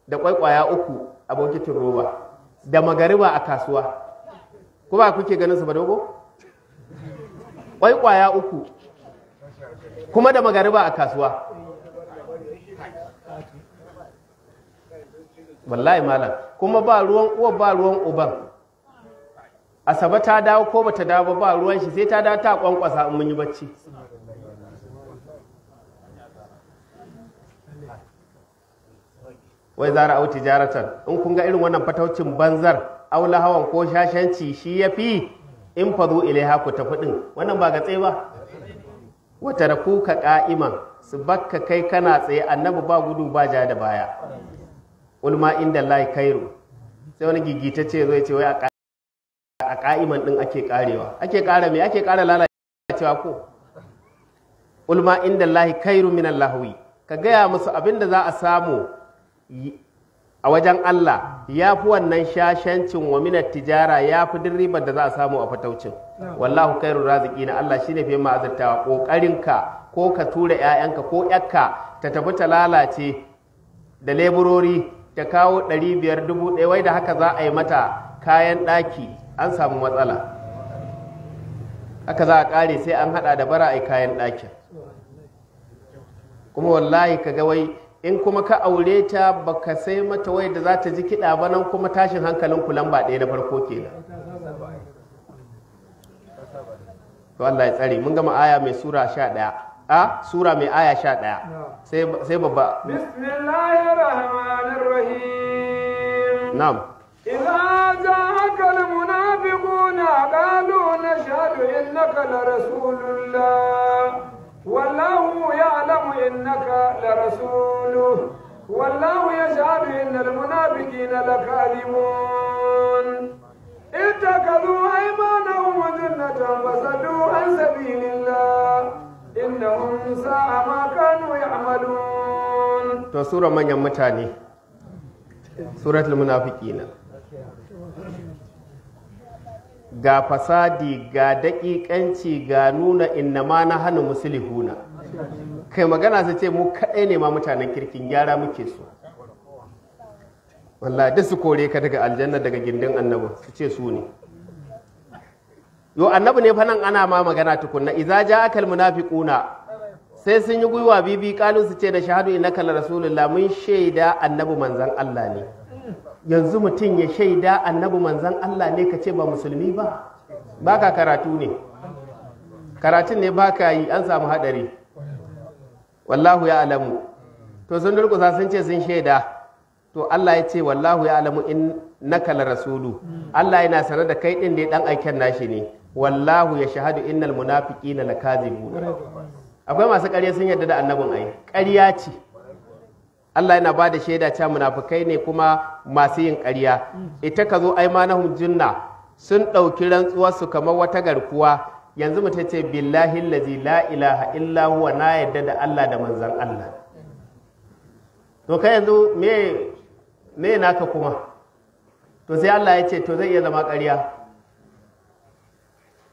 da kwaikwaya uku a bokitin roba da magariba a kasuwa ko ba kuke ganin su ba dogo kwaikwaya uku kuma da magariba a kasuwa wallahi malam kuma ba ruwan uwa ba ruwan uban asaba ta dawo ko bata dawo ba ruwan shi sai ta dawo ta kwankwasa mun yi bacci wai zara au tijaratan in kun ga irin wannan fataucin banzar aula hawan ko shashanci shi ya fi in fazu ilaiha ku tafi din. wannan ba ga tsaye ba wata da kuka ka'ima su bakka kai kana tsaye annabi ba gudu ba ja da baya ulma inda lai kairu sai wani gigita ce zai ce wai a ka'iman ɗin ake karewa. ake ƙara me ake ƙara lalacewa ko ulma inda lai kairu minan lahawi ka gaya musu abinda za a samu a wajen Allah ya fi wannan shashancin wa minar tijara ya fi din ribar da za a samu a fataucin wallahu kairu raziki na Allah shi ne fi ma azurtawa ko ka tura 'ya'yanka ko 'yakka ta tafi ta lalace da leburori ta kawo ɗari biyar dubu ɗaya wai da haka za a yi mata kayan ɗaki an samu matsala haka za a ƙare sai an haɗa da bara a yi kayan ɗakin kuma wallahi ka ga wai in kuma ka aure ta baka sai mata wai da za ta ji kiɗa ba nan kuma tashin hankalin ku lamba ɗaya na farko kenan to Allah ya tsare mun gama aya mai sura 11 a sura mai aya 11 sai sai babba bismillahir rahmanir rahim na'am إذا جاءك المنافقون قالوا نشهد إنك na الله والله يعلم إنك لرسوله والله يشهد إن المنافقين لكاذبون اتخذوا أيمانهم جنة فصدوا عن سبيل الله إنهم ساء ما كانوا يعملون. سورة من يمتاني سورة المنافقين ga fasadi ga daƙiƙanci ga nuna inna ma na hana musulihuna kai magana su ce mu kaɗai ne ma mutanen kirkin gyara muke so wallahi duk su kore ka daga aljanna daga gindin annabi su ce su ne yo annabi ne fanan ana ma magana tukunna iza idza ja'akal munafiquna sai sun yi gwiwa bibi kalu su ce da shahadu innaka rasulullah mun shaida annabi manzon Allah ne yanzu mutum ya shaida annabi manzan Allah ne ka ce ba musulmi ba ba ka karatu ne karatun ne ba ka yi an samu haɗari wallahu ya alamu to sun durkusa sun ce sun shaida to Allah ya ce wallahu ya alamu in nakala rasulu Allah yana sanar da kai ɗin da ya ɗan aiken nashi ne wallahu ya shahadu innal munafiqina lakazibun akwai masu ƙarya sun yarda da annabin ai ƙarya ce Allah yana ba da shaida cewa munafukai ne kuma masu yin ƙarya ita ka zo aimanahum junna sun ɗauki rantsuwarsu kamar wata garkuwa yanzu mu ce billahi lazi la ilaha illa huwa na yadda da Allah da manzan Allah to kai yanzu me me naka kuma to sai Allah ya ce to zai iya zama ƙarya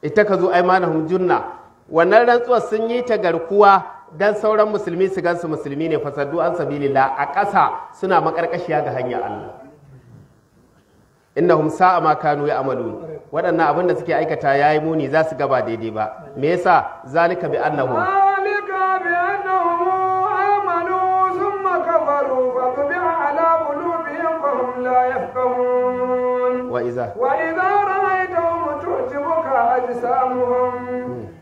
ita ka zo aimanahum junna wannan rantsuwar sun yi ta garkuwa dan sauran musulmi su gansu musulmi ne fasaddu an sabilillah a ƙasa suna makarkashiya ga hanyar Allah innahum sa'a ma kanu ya'malun waɗannan abin da suke aikata yayi muni za su gaba daidai ba me yasa zalika bi annahum zalika bi annahum amanu thumma kafaru fa tubi'a ala qulubihim fa hum la yafqahun wa idza wa idza أجسامهم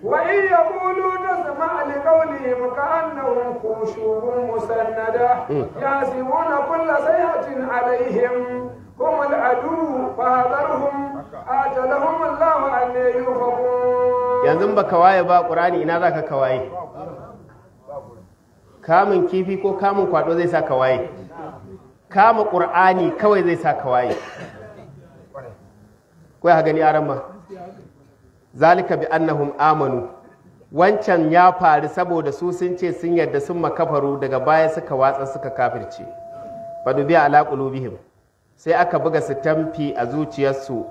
وإن يقولوا تسمع لقولهم كأنهم خشوب مسندة يعزمون كل صيحة عليهم هم العدو فهذرهم آجلهم الله أن يوفقون yanzu ba kawaye ba ƙurani ina za ka kawaye kamun kifi ko kamun kwado zai sa kawaye kama ƙur'ani kawai zai sa kawaye ko ya gani aran ma zalika bi annahum amanu wancan ya faru saboda su sun ce sun yarda sun makafaru daga baya suka watsa suka kafirce fadubi ala qulubihim sai aka buga su tamfi a zuciyarsu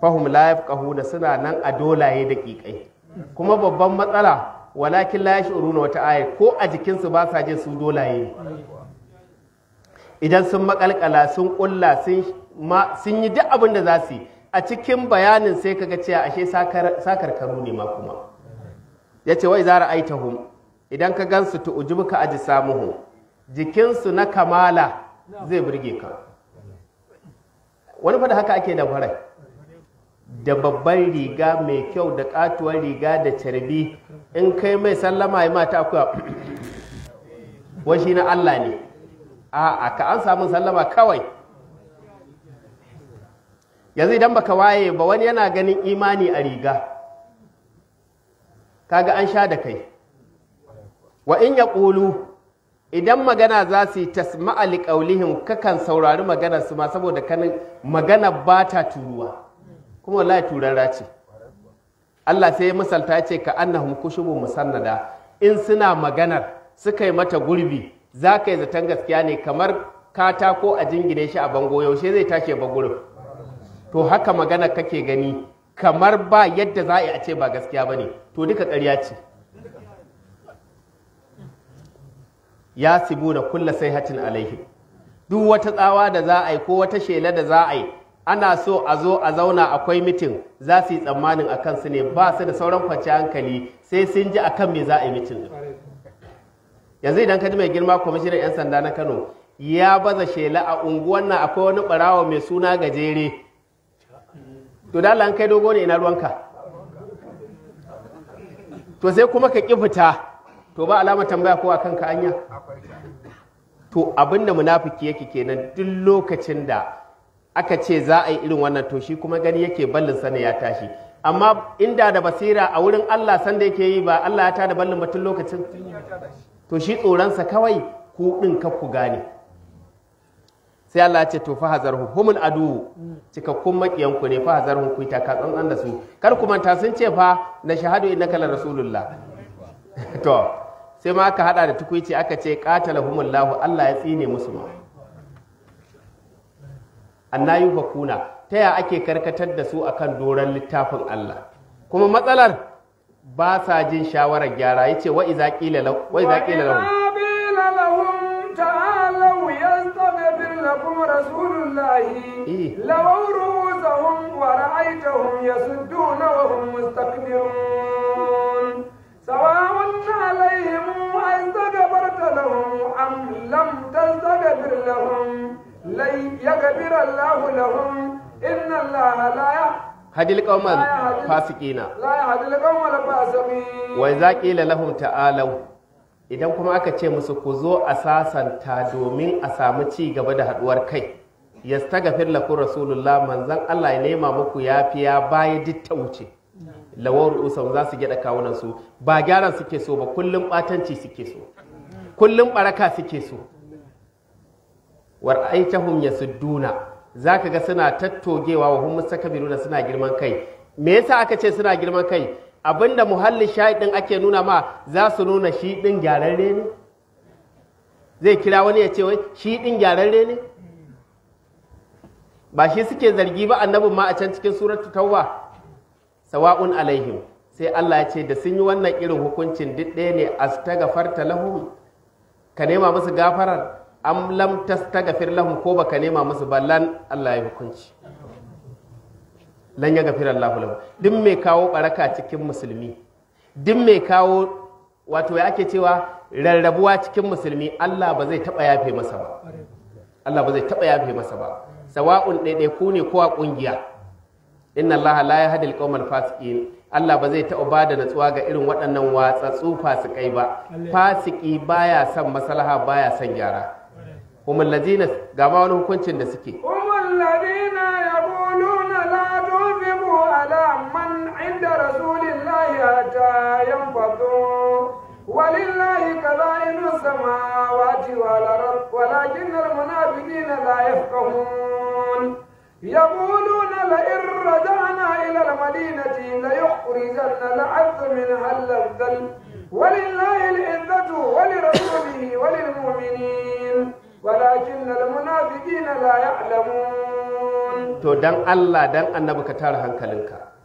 fahum la yafqahuna suna nan a dolaye da kikai kuma babban matsala walakin la yashuruna wata aya ko a jikinsu ba sa jin su dolaye idan sun makalkala sun kulla sun yi duk abin da za su yi a cikin bayanin sai kaga cewa ashe sakarkaru ne ma kuma ya ce wai zara aitahum idan ka gansu aji samuhu jikinsu na kamala zai burge ka wani fada haka ake da farai da babban riga mai kyau da katuwar riga da carbi in kai mai sallama ya mata akuya wai na Allah ne a ka an samun sallama kawai yanzu idan baka waye ba wani yana ganin imani a riga kaga an sha da kai wa in ya ƙulu idan magana za su yi tasma'ali ƙaulihin kakan saurari maganar su ma saboda kanin magana ba ta turuwa kuma wallahi turara ce Allah sai ya misalta ce ka annahum kushubu musannada in suna maganar suka yi mata gurbi za ka yi zaton gaskiya ne kamar katako a jingine shi a bango yaushe zai tashi ba gurbi to haka magana kake gani kamar ba yadda za a ce ba gaskiya ba ne to duka ƙarya ce ya sibu da kulla sai hatin alaihi duk wata tsawa da za a yi ko wata shela da za a yi ana so a zo a zauna akwai mitin za su yi tsammanin a kansu ne ba su da sauran kwanciyar hankali sai sun ji akan me za a yi mitin yanzu idan ka ji mai girma kwamishinan 'yan sanda na kano ya baza shela a unguwan nan akwai wani barawa mai suna gajere to da an kai dogo ne ina ruwanka to sai kuma ka ƙi fita to ba alama tambaya ko akan ka anya to abinda munafiki yake kenan duk lokacin da aka ce za a yi irin wannan to shi kuma gani yake ballin sana ya tashi amma inda da basira a wurin Allah sanda yake yi ba Allah ya tada ballin batun lokacin to shi tsoronsa kawai ku ɗin ku gane sai Allah ce to fahazarhum humul adu cikakkun makiyanku ne fahazarhum ku ta katsan tsantsan da su kar ku manta sun ce fa na shahadu innaka la rasulullah to sai ma aka hada da tukuici aka ce qatalahumullahu Allah ya tsine musu ma annayu bakuna ta ya ake karkatar da su akan doran littafin Allah kuma matsalar ba sa jin shawarar gyara yace wa iza qila wa iza qila صدقوا رسول الله لو رؤوسهم ورأيتهم يسدون وهم مستكبرون سواء عليهم أستغفرت لهم أم لم تستغفر لهم لن يغفر الله لهم إن الله لا يحب هدي القوم الفاسقين لا يهدي القوم الفاسقين وإذا قيل لهم تعالوا idan kuma aka ce musu ku zo a sasanta domin a samu ci gaba da haduwar kai ya yastagfir fillakun rasulullah manzon Allah ya nema muku ya baya ditta wuce lawar usam za su gyada kawunan su ba gyaran suke so ba kullum batanci suke so kullum baraka suke so war aitahum yasudduna zaka ga suna tattogewa wa hum mustakbiruna suna girman kai me yasa aka ce suna girman kai Abin da muhallin ɗin ake nuna ma za su nuna shi ɗin gyararre ne zai kira wani ya ce wai shi ɗin gyararre ne ba shi suke zargi ba annabin ma a can cikin suratu tauba sawa'un alaihim sai Allah ya ce da sun yi wannan irin hukuncin duk ɗaya ne astagafarta lahum ka nema musu gafarar am lam tastagfir lahum ko baka nema musu ballan Allah ya hukunci lan ya gafira Allahu lahu mai kawo baraka cikin musulmi duk mai kawo wato ya ake cewa rarrabuwa cikin musulmi Allah ba zai taba yafe masa ba Allah ba zai taba yafe masa ba sawa'un ɗaiɗaiku ne ko a ƙungiya inna Allah la yahdi al-qawmal fasiqin Allah ba zai taɓa bada natsuwa ga irin waɗannan watsatsu fasikai ba fasiki baya son maslaha baya son gyara kuma lazina ga ma wani hukuncin da suke حتى ينفضوا ولله خزائن السماوات والأرض ولكن المنافقين لا يفقهون يقولون لئن رجعنا إلى المدينة ليخرجن العز منها اللذل ولله العزة ولرسوله وللمؤمنين ولكن المنافقين لا يعلمون to dan Allah dan annabi ka tara hankalinka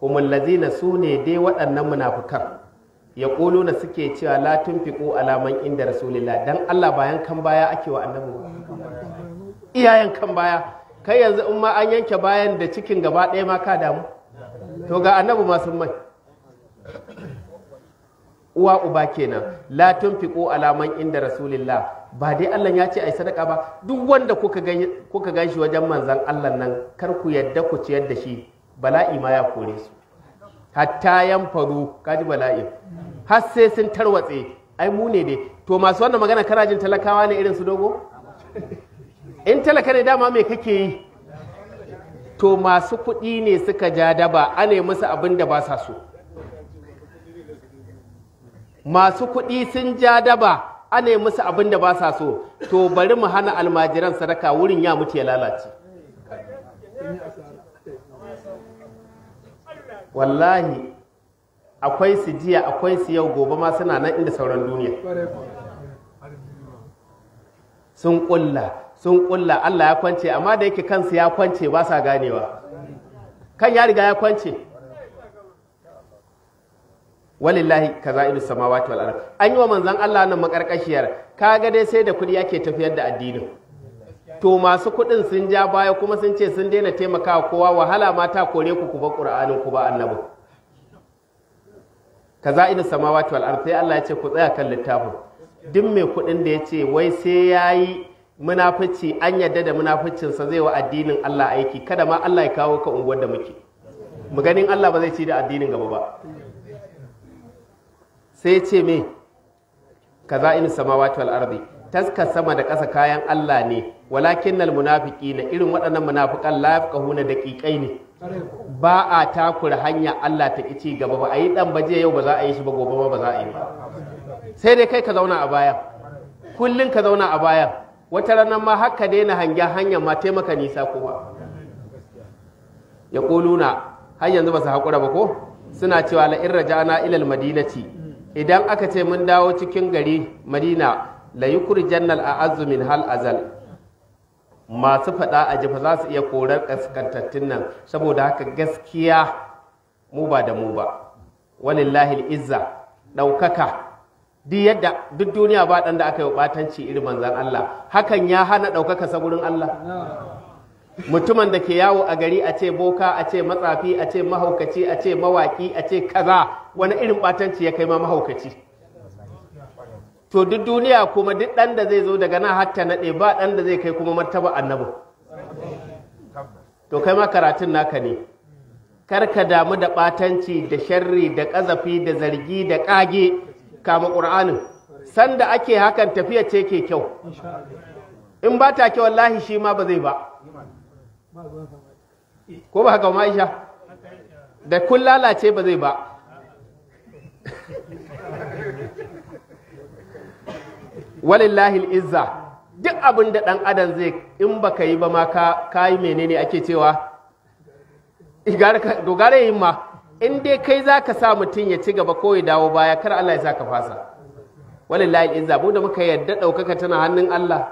humul ladina su ne dai waɗannan munafukan ya na suke cewa fi tunfiqu alaman inda rasulillah dan Allah bayan kan baya ake wa annabi iyayen kan baya kai yanzu in ma an yanke bayan da cikin gaba ɗaya ma ka damu to ga annabi ma sun mai uwa uba kenan fi tunfiqu alaman inda rasulillah ba dai Allah ya ce ai sadaka ba duk wanda kuka ganshi wajen manzon Allah nan kar ku yadda ku ciyar da shi bala'i ma ya kore su hatta yan faru kaji bala'i har sai sun tarwatse ai mu ne dai to masu wannan magana kana jin talakawa ne irin su dogo in talaka ne dama me kake yi to masu kuɗi ne suka ja daba ane musu abin da ba sa so masu kuɗi sun ja daba ane musu abin da ba sa so to bari mu hana almajiran sadaka wurin ya mutu ya lalace wallahi akwai su jiya akwai su yau gobe ma suna nan inda sauran duniya sun kulla sun kulla Allah ya kwance amma da yake kansu ya kwance ba sa ganewa kan ya riga ya kwance walillahi kaza'ibus samawati wal ard an yi wa manzon Allah nan makarkashiyar kaga dai sai da kudi yake tafiyar da addinin to masu kuɗin sun ja baya kuma sun ce sun daina taimakawa kowa wahala ma ta kore ku ku ba ƙura'anin ku ba annabin kaza ina sama wal ard sai Allah ya ce ku tsaya kan littafin duk mai kuɗin da ya ce wai sai ya yi munafici an yadda da munaficinsa zai wa addinin Allah aiki kada ma Allah ya kawo ka unguwar da muke mu ganin Allah ba zai ci da addinin gaba ba sai ya ce me ka za ina sama wato ardi taskar sama da ƙasa kayan Allah ne walakin nal munafiki na irin waɗannan munafukan la na daƙiƙai ne ba a takura hanya Allah ta ci gaba ba a yi dan baje yau ba za a yi shi ba gobe ba za a yi sai dai kai ka zauna a baya kullun ka zauna a baya wata ranar ma haka daina hangen hanyar ma taimaka nisa kuma ya har yanzu ba su haƙura ba ko suna cewa la'irra in raja'ana ilal madinati idan aka ce mun dawo cikin gari madina la yukhrijanna a azumin hal azal masu faɗa a jifa za su iya korar kaskantattun nan saboda haka gaskiya mu ba da mu ba walillahi izza ɗaukaka duk yadda duk duniya ba ɗan aka yi ɓatanci irin manzan Allah hakan ya hana ɗaukaka saburin Allah mutumin da ke yawo a gari a ce boka a ce matsafi a ce mahaukaci a ce mawaki a ce kaza wani irin ɓatanci ya kai ma mahaukaci to duk duniya kuma duk ɗan da zai zo daga nan hatta naɗe ba ɗan da zai kai kuma martaba annabin to kai ma karatun naka ne kar ka damu da ɓatanci da sharri da ƙazafi da zargi da ƙage kama ƙur'anin sanda ake hakan tafiya ce ke kyau in ba ta kyau wallahi shi ma ba zai ba ko ba haka ma'aisha da kun lalace ba zai ba walillahi izza duk abin da ɗan adam zai in baka yi ba ma ka yi menene ake cewa dogara yi ma in dai kai za ka sa mutum ya ci gaba ko ya dawo baya kar Allah ya sa ka fasa walillahi izza mu da muka yarda ɗaukaka tana hannun Allah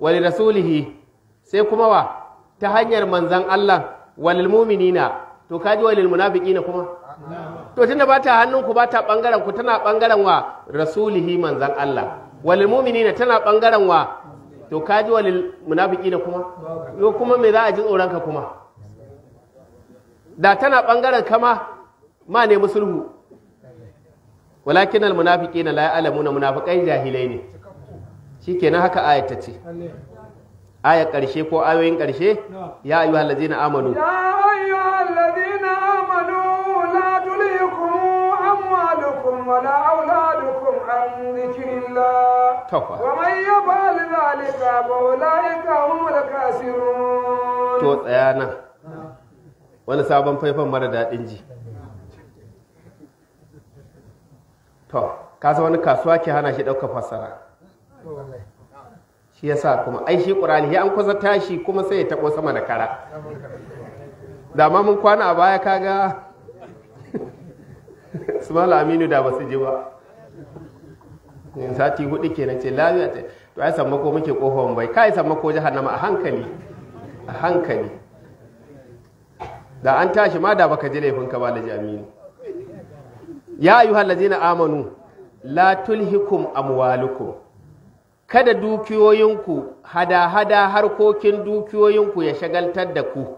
wali rasulihi sai kuma wa ta hanyar manzan Allah walil muminina to kaji walil munafiqina kuma to tunda ba ta hannunku ba ta bangaren ku tana bangaren wa rasulihi manzan Allah walil mu'minina tana bangaren wa to kaji walil munafiqina kuma yo kuma me za a ji tsoronka ka kuma da tana bangaren kama ma ne musulhu walakin al layi la na munafiqai jahilai ne shikenan haka ayat ta ce aya karshe ko ayoyin karshe ya ayu ladina amanu ya ayyuhal ladina amanu la tulikum amwalukum wala auladukum an dhikri yi zalika fa to tsaya na. wani sabon faifan mara daɗin ji to kasa wani kasuwa ke hana shi ɗauka fassara shi yasa kuma ai shi ƙurani an kusa tashi kuma sai ya taɓo sama da kara da ma mun kwana a baya kaga su aminu da ba su ji ba Eh, sati hudu kenan ce lafiya ce to ai sammako muke kofar bai kai sammako jahannama a hankali a hankali da an tashi ma da baka ji ka ba da jami'in ya ayyuhal ladzina amanu la tulhikum amwalukum kada dukiyoyinku hada-hada harkokin dukiyoyinku ya shagaltar da ku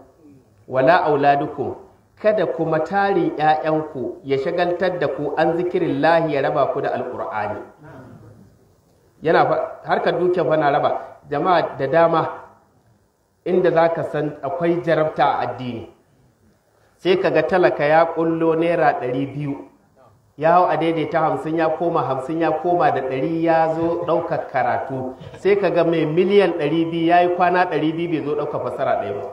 wala auladukum kada kuma tarin ‘ya'yanku ya shagaltar da ku an zikirin lahi ya raba ku da alqur'ani yana harkar dukiya fa na raba jama'a da dama inda za ka san akwai jarabta a addini sai ka ga talaka ya kullo naira ɗari biyu ya hau a daidaita hamsin ya koma hamsin ya koma da ɗari ya zo ɗaukar karatu sai ka ga mai miliyan ɗari biyu ya yi kwana ɗari biyu bai zo ɗaukar fasara ɗaya ba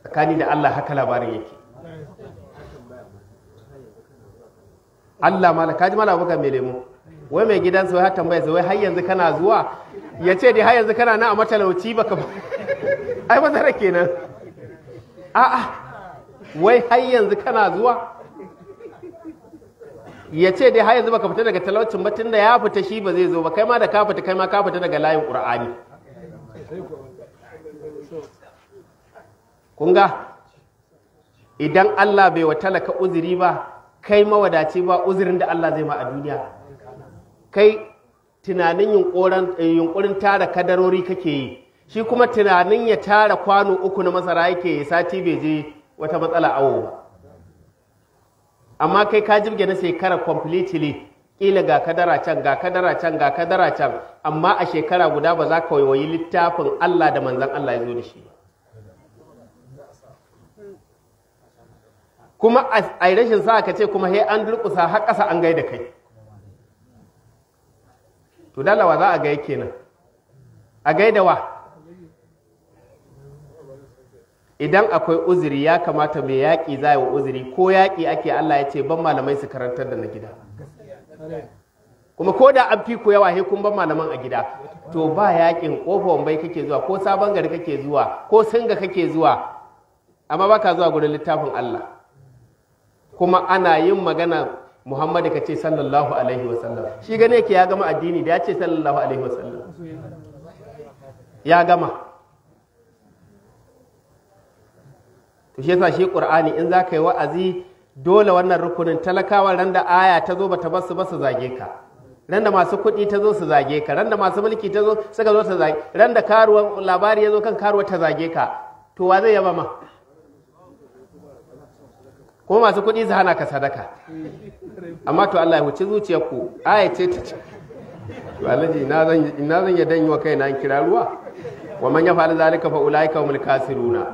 tsakani da Allah haka labarin yake Allah malaka ji malaka mai lemu wai mai gidansu har tambaya su wai har yanzu kana zuwa ya ce dai har yanzu kana na a matalauci baka ba ai zara kenan a'a wai har yanzu kana zuwa ya ce dai har yanzu baka fita daga talaucin ba tunda ya fita shi ba zai zo ba kai ma da ka fita kai ma ka fita daga layin qur'ani kun ga idan Allah bai wa talaka uzuri ba kai mawadaci ba uzurin da Allah zai ma a duniya kai tunanin eh, yunkurin tara kadarori kake yi shi kuma tunanin ya tara kwano uku na masara yake ya sati bai je wata matsala awo ba amma kai ka jirge na shekara completely kila ga kadara can ga kadara can ga kadara can amma a shekara guda ba za ka wayi littafin Allah da manzan Allah ya zo da shi kuma a rashin sa ka ce kuma he an durƙusa har ƙasa an gaida kai to dalawa za a yake kenan a gaida wa idan akwai uzuri ya kamata mai yaƙi za wa uzuri ko yaƙi ake Allah ya ce ban malamai su karantar da na gida kuma ko da an fi ku yawa he kun ban malaman a gida to ba yaƙin ƙofa bai kake zuwa ko sabon gari kake zuwa ko singa kake zuwa amma baka zuwa gurin littafin Allah kuma ana yin magana Muhammadu ka ce sallallahu alaihi wasallam shi gane ke ya gama addini da ya ce sallallahu alaihi wasallam ya gama to shi yasa shi qur'ani in za ka yi wa'azi dole wannan rukunin talakawa ran da aya ta zo bata basu ba su zage ka ran da masu kuɗi ta zo su zage ka ran da masu mulki ta zo suka zo ta zage ran da karuwan labari ya zo kan karuwa ta zage ka to wa zai yaba ma ko masu kuɗi su hana ka sadaka amma to Allah ya huci zuciyarku aya ce ta ce walaji ina zan ina zan wa kaina in kira ruwa wa man yafa'al zalika fa ulaika humul kasiruna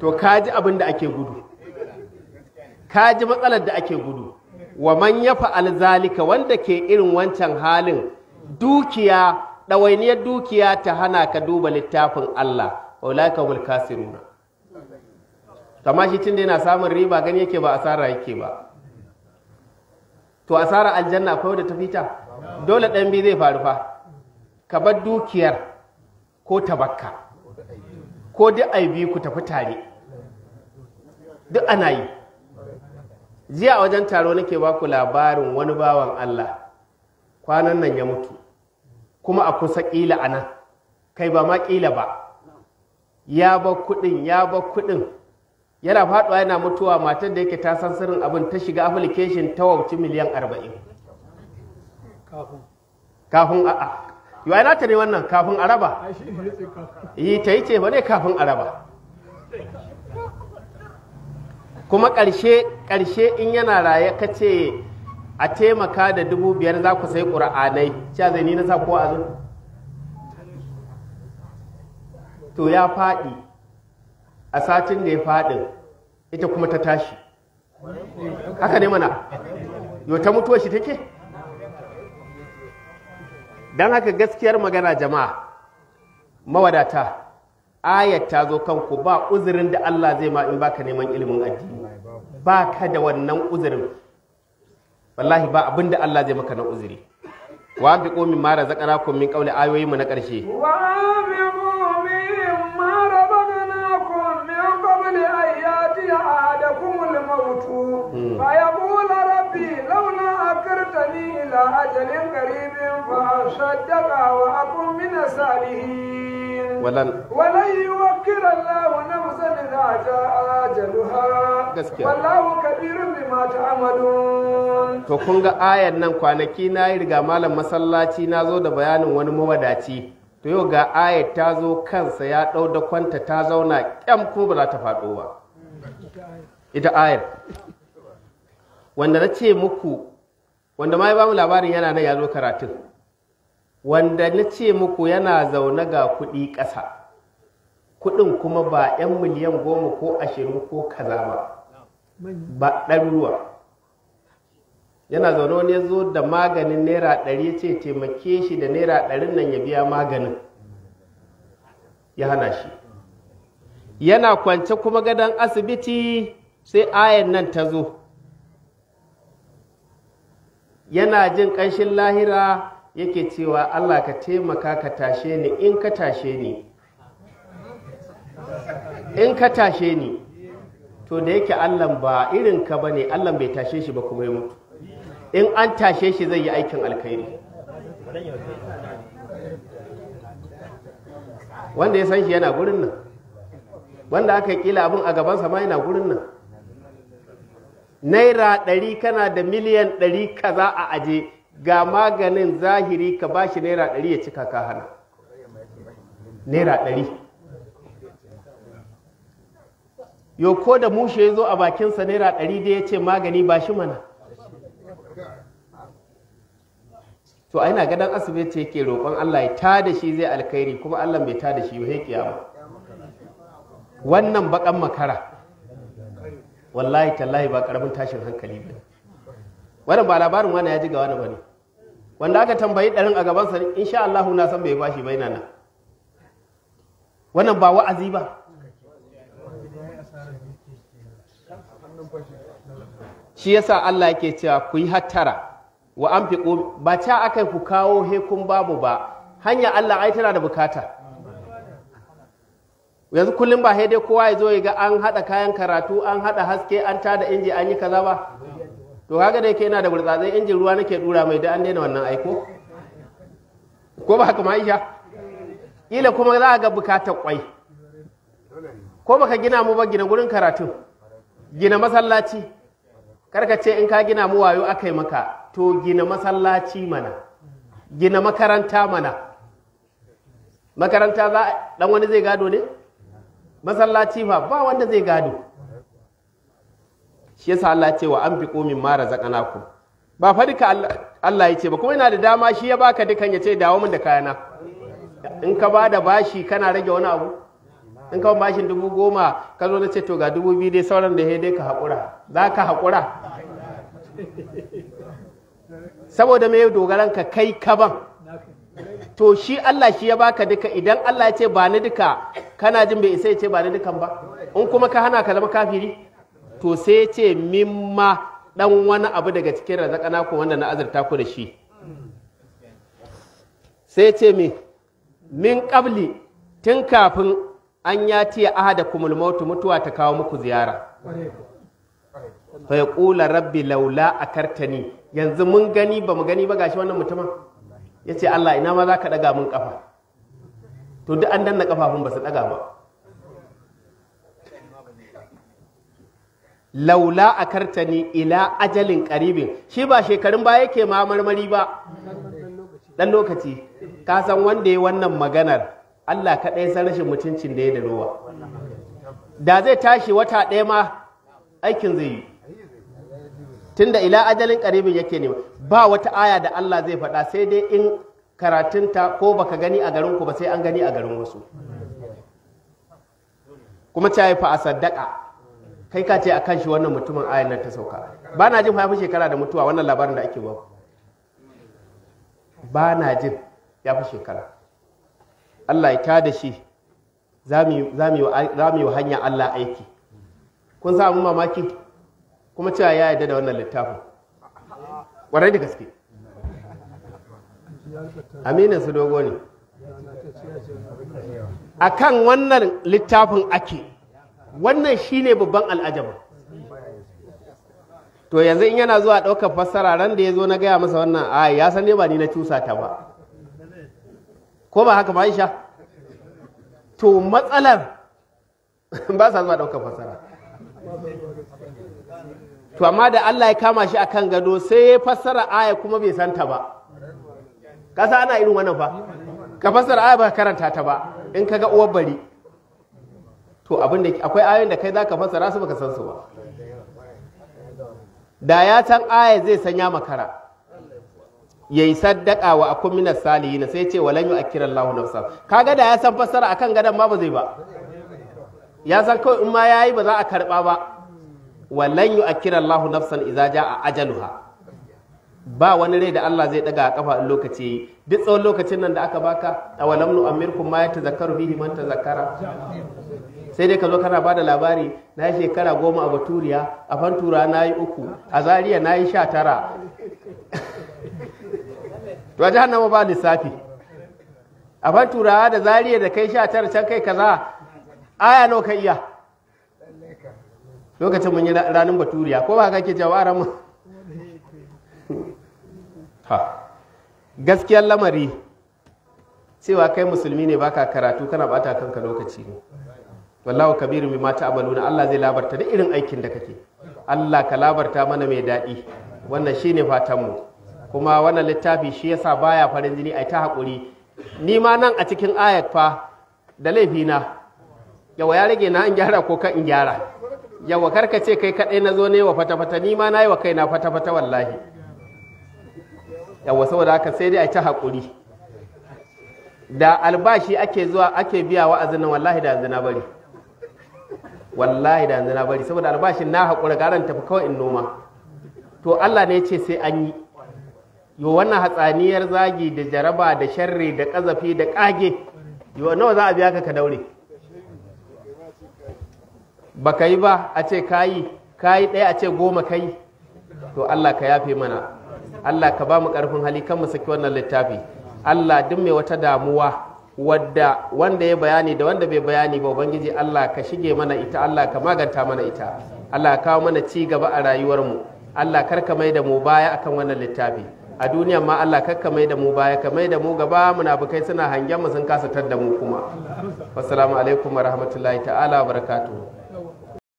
to kaji abin da ake gudu kaji matsalar da ake gudu wa man yafa'al zalika wanda ke irin wancan halin dukiya ɗawainiyar dukiya ta hana ka duba littafin Allah wa ulaika humul kasiruna amma shi tun da yana samun riba gani yake ba asara yake ba to asara aljanna akwai wadda ta fita dole ɗan biyu zai faru fa ka bar dukiyar ko tabakka ko duk biyu ku tafi tare duk ana yi jiya a wajen taro nake ba ku labarin wani bawan Allah kwanan nan ya mutu kuma a kusa ƙila a nan kai ba ma ƙila ba ya ba kuɗin ya ba kuɗin yana faɗuwa yana mutuwa matar da yake ta san sirrin abin ta shiga application ta wauci miliyan arba'in kafin a'a yiwa yana ta ne wannan kafin araba yi ta yi ce ba ne kafin araba kuma ƙarshe ƙarshe in yana raye ka ce a taimaka da dubu biyar za ku sai ƙura'anai cewa zai ni na sa ko a to ya faɗi a satin da ya faɗi ita kuma ta tashi haka ne mana yau ta mutuwa shi take don haka gaskiyar magana jama'a mawadata ayat ta zo kanku ba uzurin da Allah zai ma in baka neman ilimin addini ba ka da wannan uzurin wallahi ba abin da Allah zai maka na uzuri wa bi qomi mara zakana kun min qauli ayoyi mu na karshe لي إلى أجل قريب فأصدق وأكون من الصالحين ولن ولن يوكل الله نفسا إذا جاء أجلها والله كبير بما تعملون to kun ga ayan nan kwanaki na yi riga malam masallaci na zo da bayanin wani mawadaci to yau ga ayat ta zo kansa ya dau da kwanta ta zauna kyam kuma ba za ta faɗo ba ita ayat wanda na ce muku wanda ma ya bamu labarin yana na ya zo karatun wanda na ce muku yana zaune ga kuɗi ƙasa kuɗin kuma ba 'yan miliyan goma ko ashirin ko kaza ba ba ɗaruruwa yana zaune wani ya zo da maganin naira ɗari ya ce taimake shi da naira ɗarin nan ya biya maganin ya hana shi yana kwance kuma gadon asibiti sai ayan nan ta zo yana jin ƙanshin lahira yake cewa Allah ka taimaka ka tashe ni in ka tashe ni in ka tashe ni to da yake Allah ba irin ka bane Allah bai tashe shi ba kuma ya mutu in an tashe shi zai yi aikin alkhairi wanda ya san shi yana gurin nan wanda aka kila abin a gabansa ma yana gurin nan naira ɗari kana da miliyan ɗari kaza a aje ga maganin zahiri ka ba shi naira ɗari ya cika ka hana naira ɗari ko da mushe ya zo a bakinsa naira ɗari da ya ce magani ba shi mana to a yana gadon asibiti yake roƙon Allah ya ta da shi zai alkhairi kuma Allah bai ta da shi ya wannan baƙan makara wallahi tallahi ba karamin tashin hankali ba wannan ba labarin wani ya ji ga wani bane wanda aka tambayi ɗarin a gabansa insha Allah na san bai bashi bai nan wannan ba wa'azi ba shi yasa Allah yake cewa ku yi hattara wa anfiqu ba ta akai ku kawo hekun babu ba hanya Allah ai tana da bukata yanzu kullum ba dai kowa ya zo ya ga an haɗa kayan karatu an haɗa haske an tada inji an yi kaza ba to kaga dai yake yana da burtsatsai injin ruwa nake dura mai da an daina wannan aiko ko ba haka ma'aisha ila kuma za a ga bukatar kwai ko baka gina mu ba gina gurin karatu gina masallaci karka ce in ka gina mu wayo aka yi maka to gina masallaci mana gina makaranta mana makaranta za dan wani zai gado ne masallaci ba, ba wanda zai gado shi yasa Allah ce wa an fi komin mara razaqnakum ba fa duka Allah ya ce ba kuma yana da dama shi ya baka dukan ya ce dawo min da kayana in ka bada bashi kana rage wani abu in ka bashin dubu goma ka zo na ce to ga dubu biyu dai sauran da dai ka haƙura za ka haƙura saboda me dogaran ka kai kaban to shi Allah shi ya baka duka idan Allah ya ce ba ni duka kana jin bai isa ya ce ba ni dukan ba in kuma ka hana ka zama kafiri to sai ya ce mimma dan wani abu daga cikin razakana ku wanda na azurta ku da shi sai ya ce me min qabli tun kafin an ya tiya ahada kumul mautu mutuwa ta kawo muku ziyara fa kula rabbi laula akartani yanzu mun gani ba mu gani ba gashi wannan mutumin ya ce Allah ina ma za ka ɗaga min ƙafa to duk an danna ƙafafun ba su ɗaga ba laula a kartani ila ajalin ƙaribin shi ba shekarun ba yake ma marmari ba ɗan lokaci ka wanda ya wannan maganar Allah kaɗai san rashin mutuncin da ya da ruwa da zai tashi wata ɗaya ma aikin zai yi tunda ila ajalin karibin yake ne. ba wata aya da Allah zai faɗa sai dai in karatunta ko baka gani a garinku ba sai an gani a garin wasu kuma ta yi fa a saddaka kai ka ce a kan shi wannan mutumin ayan nan ta sauka ba na jin fa shekara da mutuwa wannan labarin da ake ba ba na jin ya fi shekara Allah ya ta da shi za mu yi wa hanya Allah aiki kun samu mamaki kuma cewa ya yarda da wannan littafin kwarai da gaske amina su dogo ne a kan wannan littafin ake wannan shine babban al'ajaba to yanzu in yana zuwa ɗaukar fassara ran da ya zo na gaya masa wannan a ya san ne ba ni na cusa ta ba ko ba haka ba sha? to matsalar ba sa zuwa ɗaukar fassara to amma da Allah ya kama shi akan gado sai ya fassara aya kuma bai santa ba kasa ana irin wannan fa ka fassara aya ba karanta ta ba in kaga uwar bari to abin da akwai ayoyin da kai zaka fassara su baka san su ba da ya san aya zai sanya makara yayi saddaka wa akun minas salihin sai ce walan yu'akkira Allahu nafsa kaga da ya san fassara akan gadan ma ba zai ba ya san kawai in ma yayi ba za a karba ba walan yu akira Allahu nafsan idza jaa ajaluha ba wani rai da Allah zai daga a kafa lokaci duk tsawon lokacin nan da aka baka a walam nu amirkum ma yatazakkaru bihi man tazakkara sai dai ka zo kana bada labari na yi shekara goma a baturiya a fantura na yi uku a zaria na yi sha tara to a jahannama ba lissafi a fantura da zaria da kai sha tara can kai kaza aya nawa ka iya lokacin mun yi ranar baturiya ko ba kake cewa a ha gaskiyar lamari cewa kai musulmi ne baka karatu kana bata kanka lokaci ne wallahu kabiru bi mata amaluna Allah zai labarta da irin aikin da kake Allah ka labarta mana mai daɗi wannan shine fatan mu kuma wannan littafi shi yasa baya farin jini ai ta hakuri ni ma nan a cikin ayat fa da laifina yawa ya rage na in gyara ko kan in gyara yawa karka ce kai kaɗai na zo ne wa fata-fata ni ma na yi wa kaina fata-fata wallahi yawa saboda haka sai dai a ta haƙuri da albashi ake zuwa ake biya wa'azin nan wallahi da zina bari wallahi da zina bari saboda albashin na haƙura garan tafi kawai in noma to Allah ne ce sai an yi yo wannan hatsaniyar zagi da jaraba da sharri da ƙazafi da ƙage yo nawa za a biya ka ka daure ba yi ba a ce kayi yi ɗaya a ce goma kayi to Allah ka yafe mana Allah ka ba mu ƙarfin hali kan mu saki wannan littafi Allah duk mai wata damuwa wadda wanda ya bayani da wanda bai bayani ba ubangiji Allah ka shige mana ita Allah ka maganta mana ita Allah ka kawo mana ci gaba a rayuwarmu Allah kar ka mai da mu baya akan wannan littafi a duniya ma Allah kar ka mai da mu baya ka mai da mu gaba bukai suna hangen mu sun kasa da mu kuma assalamu alaikum wa rahmatullahi ta'ala wa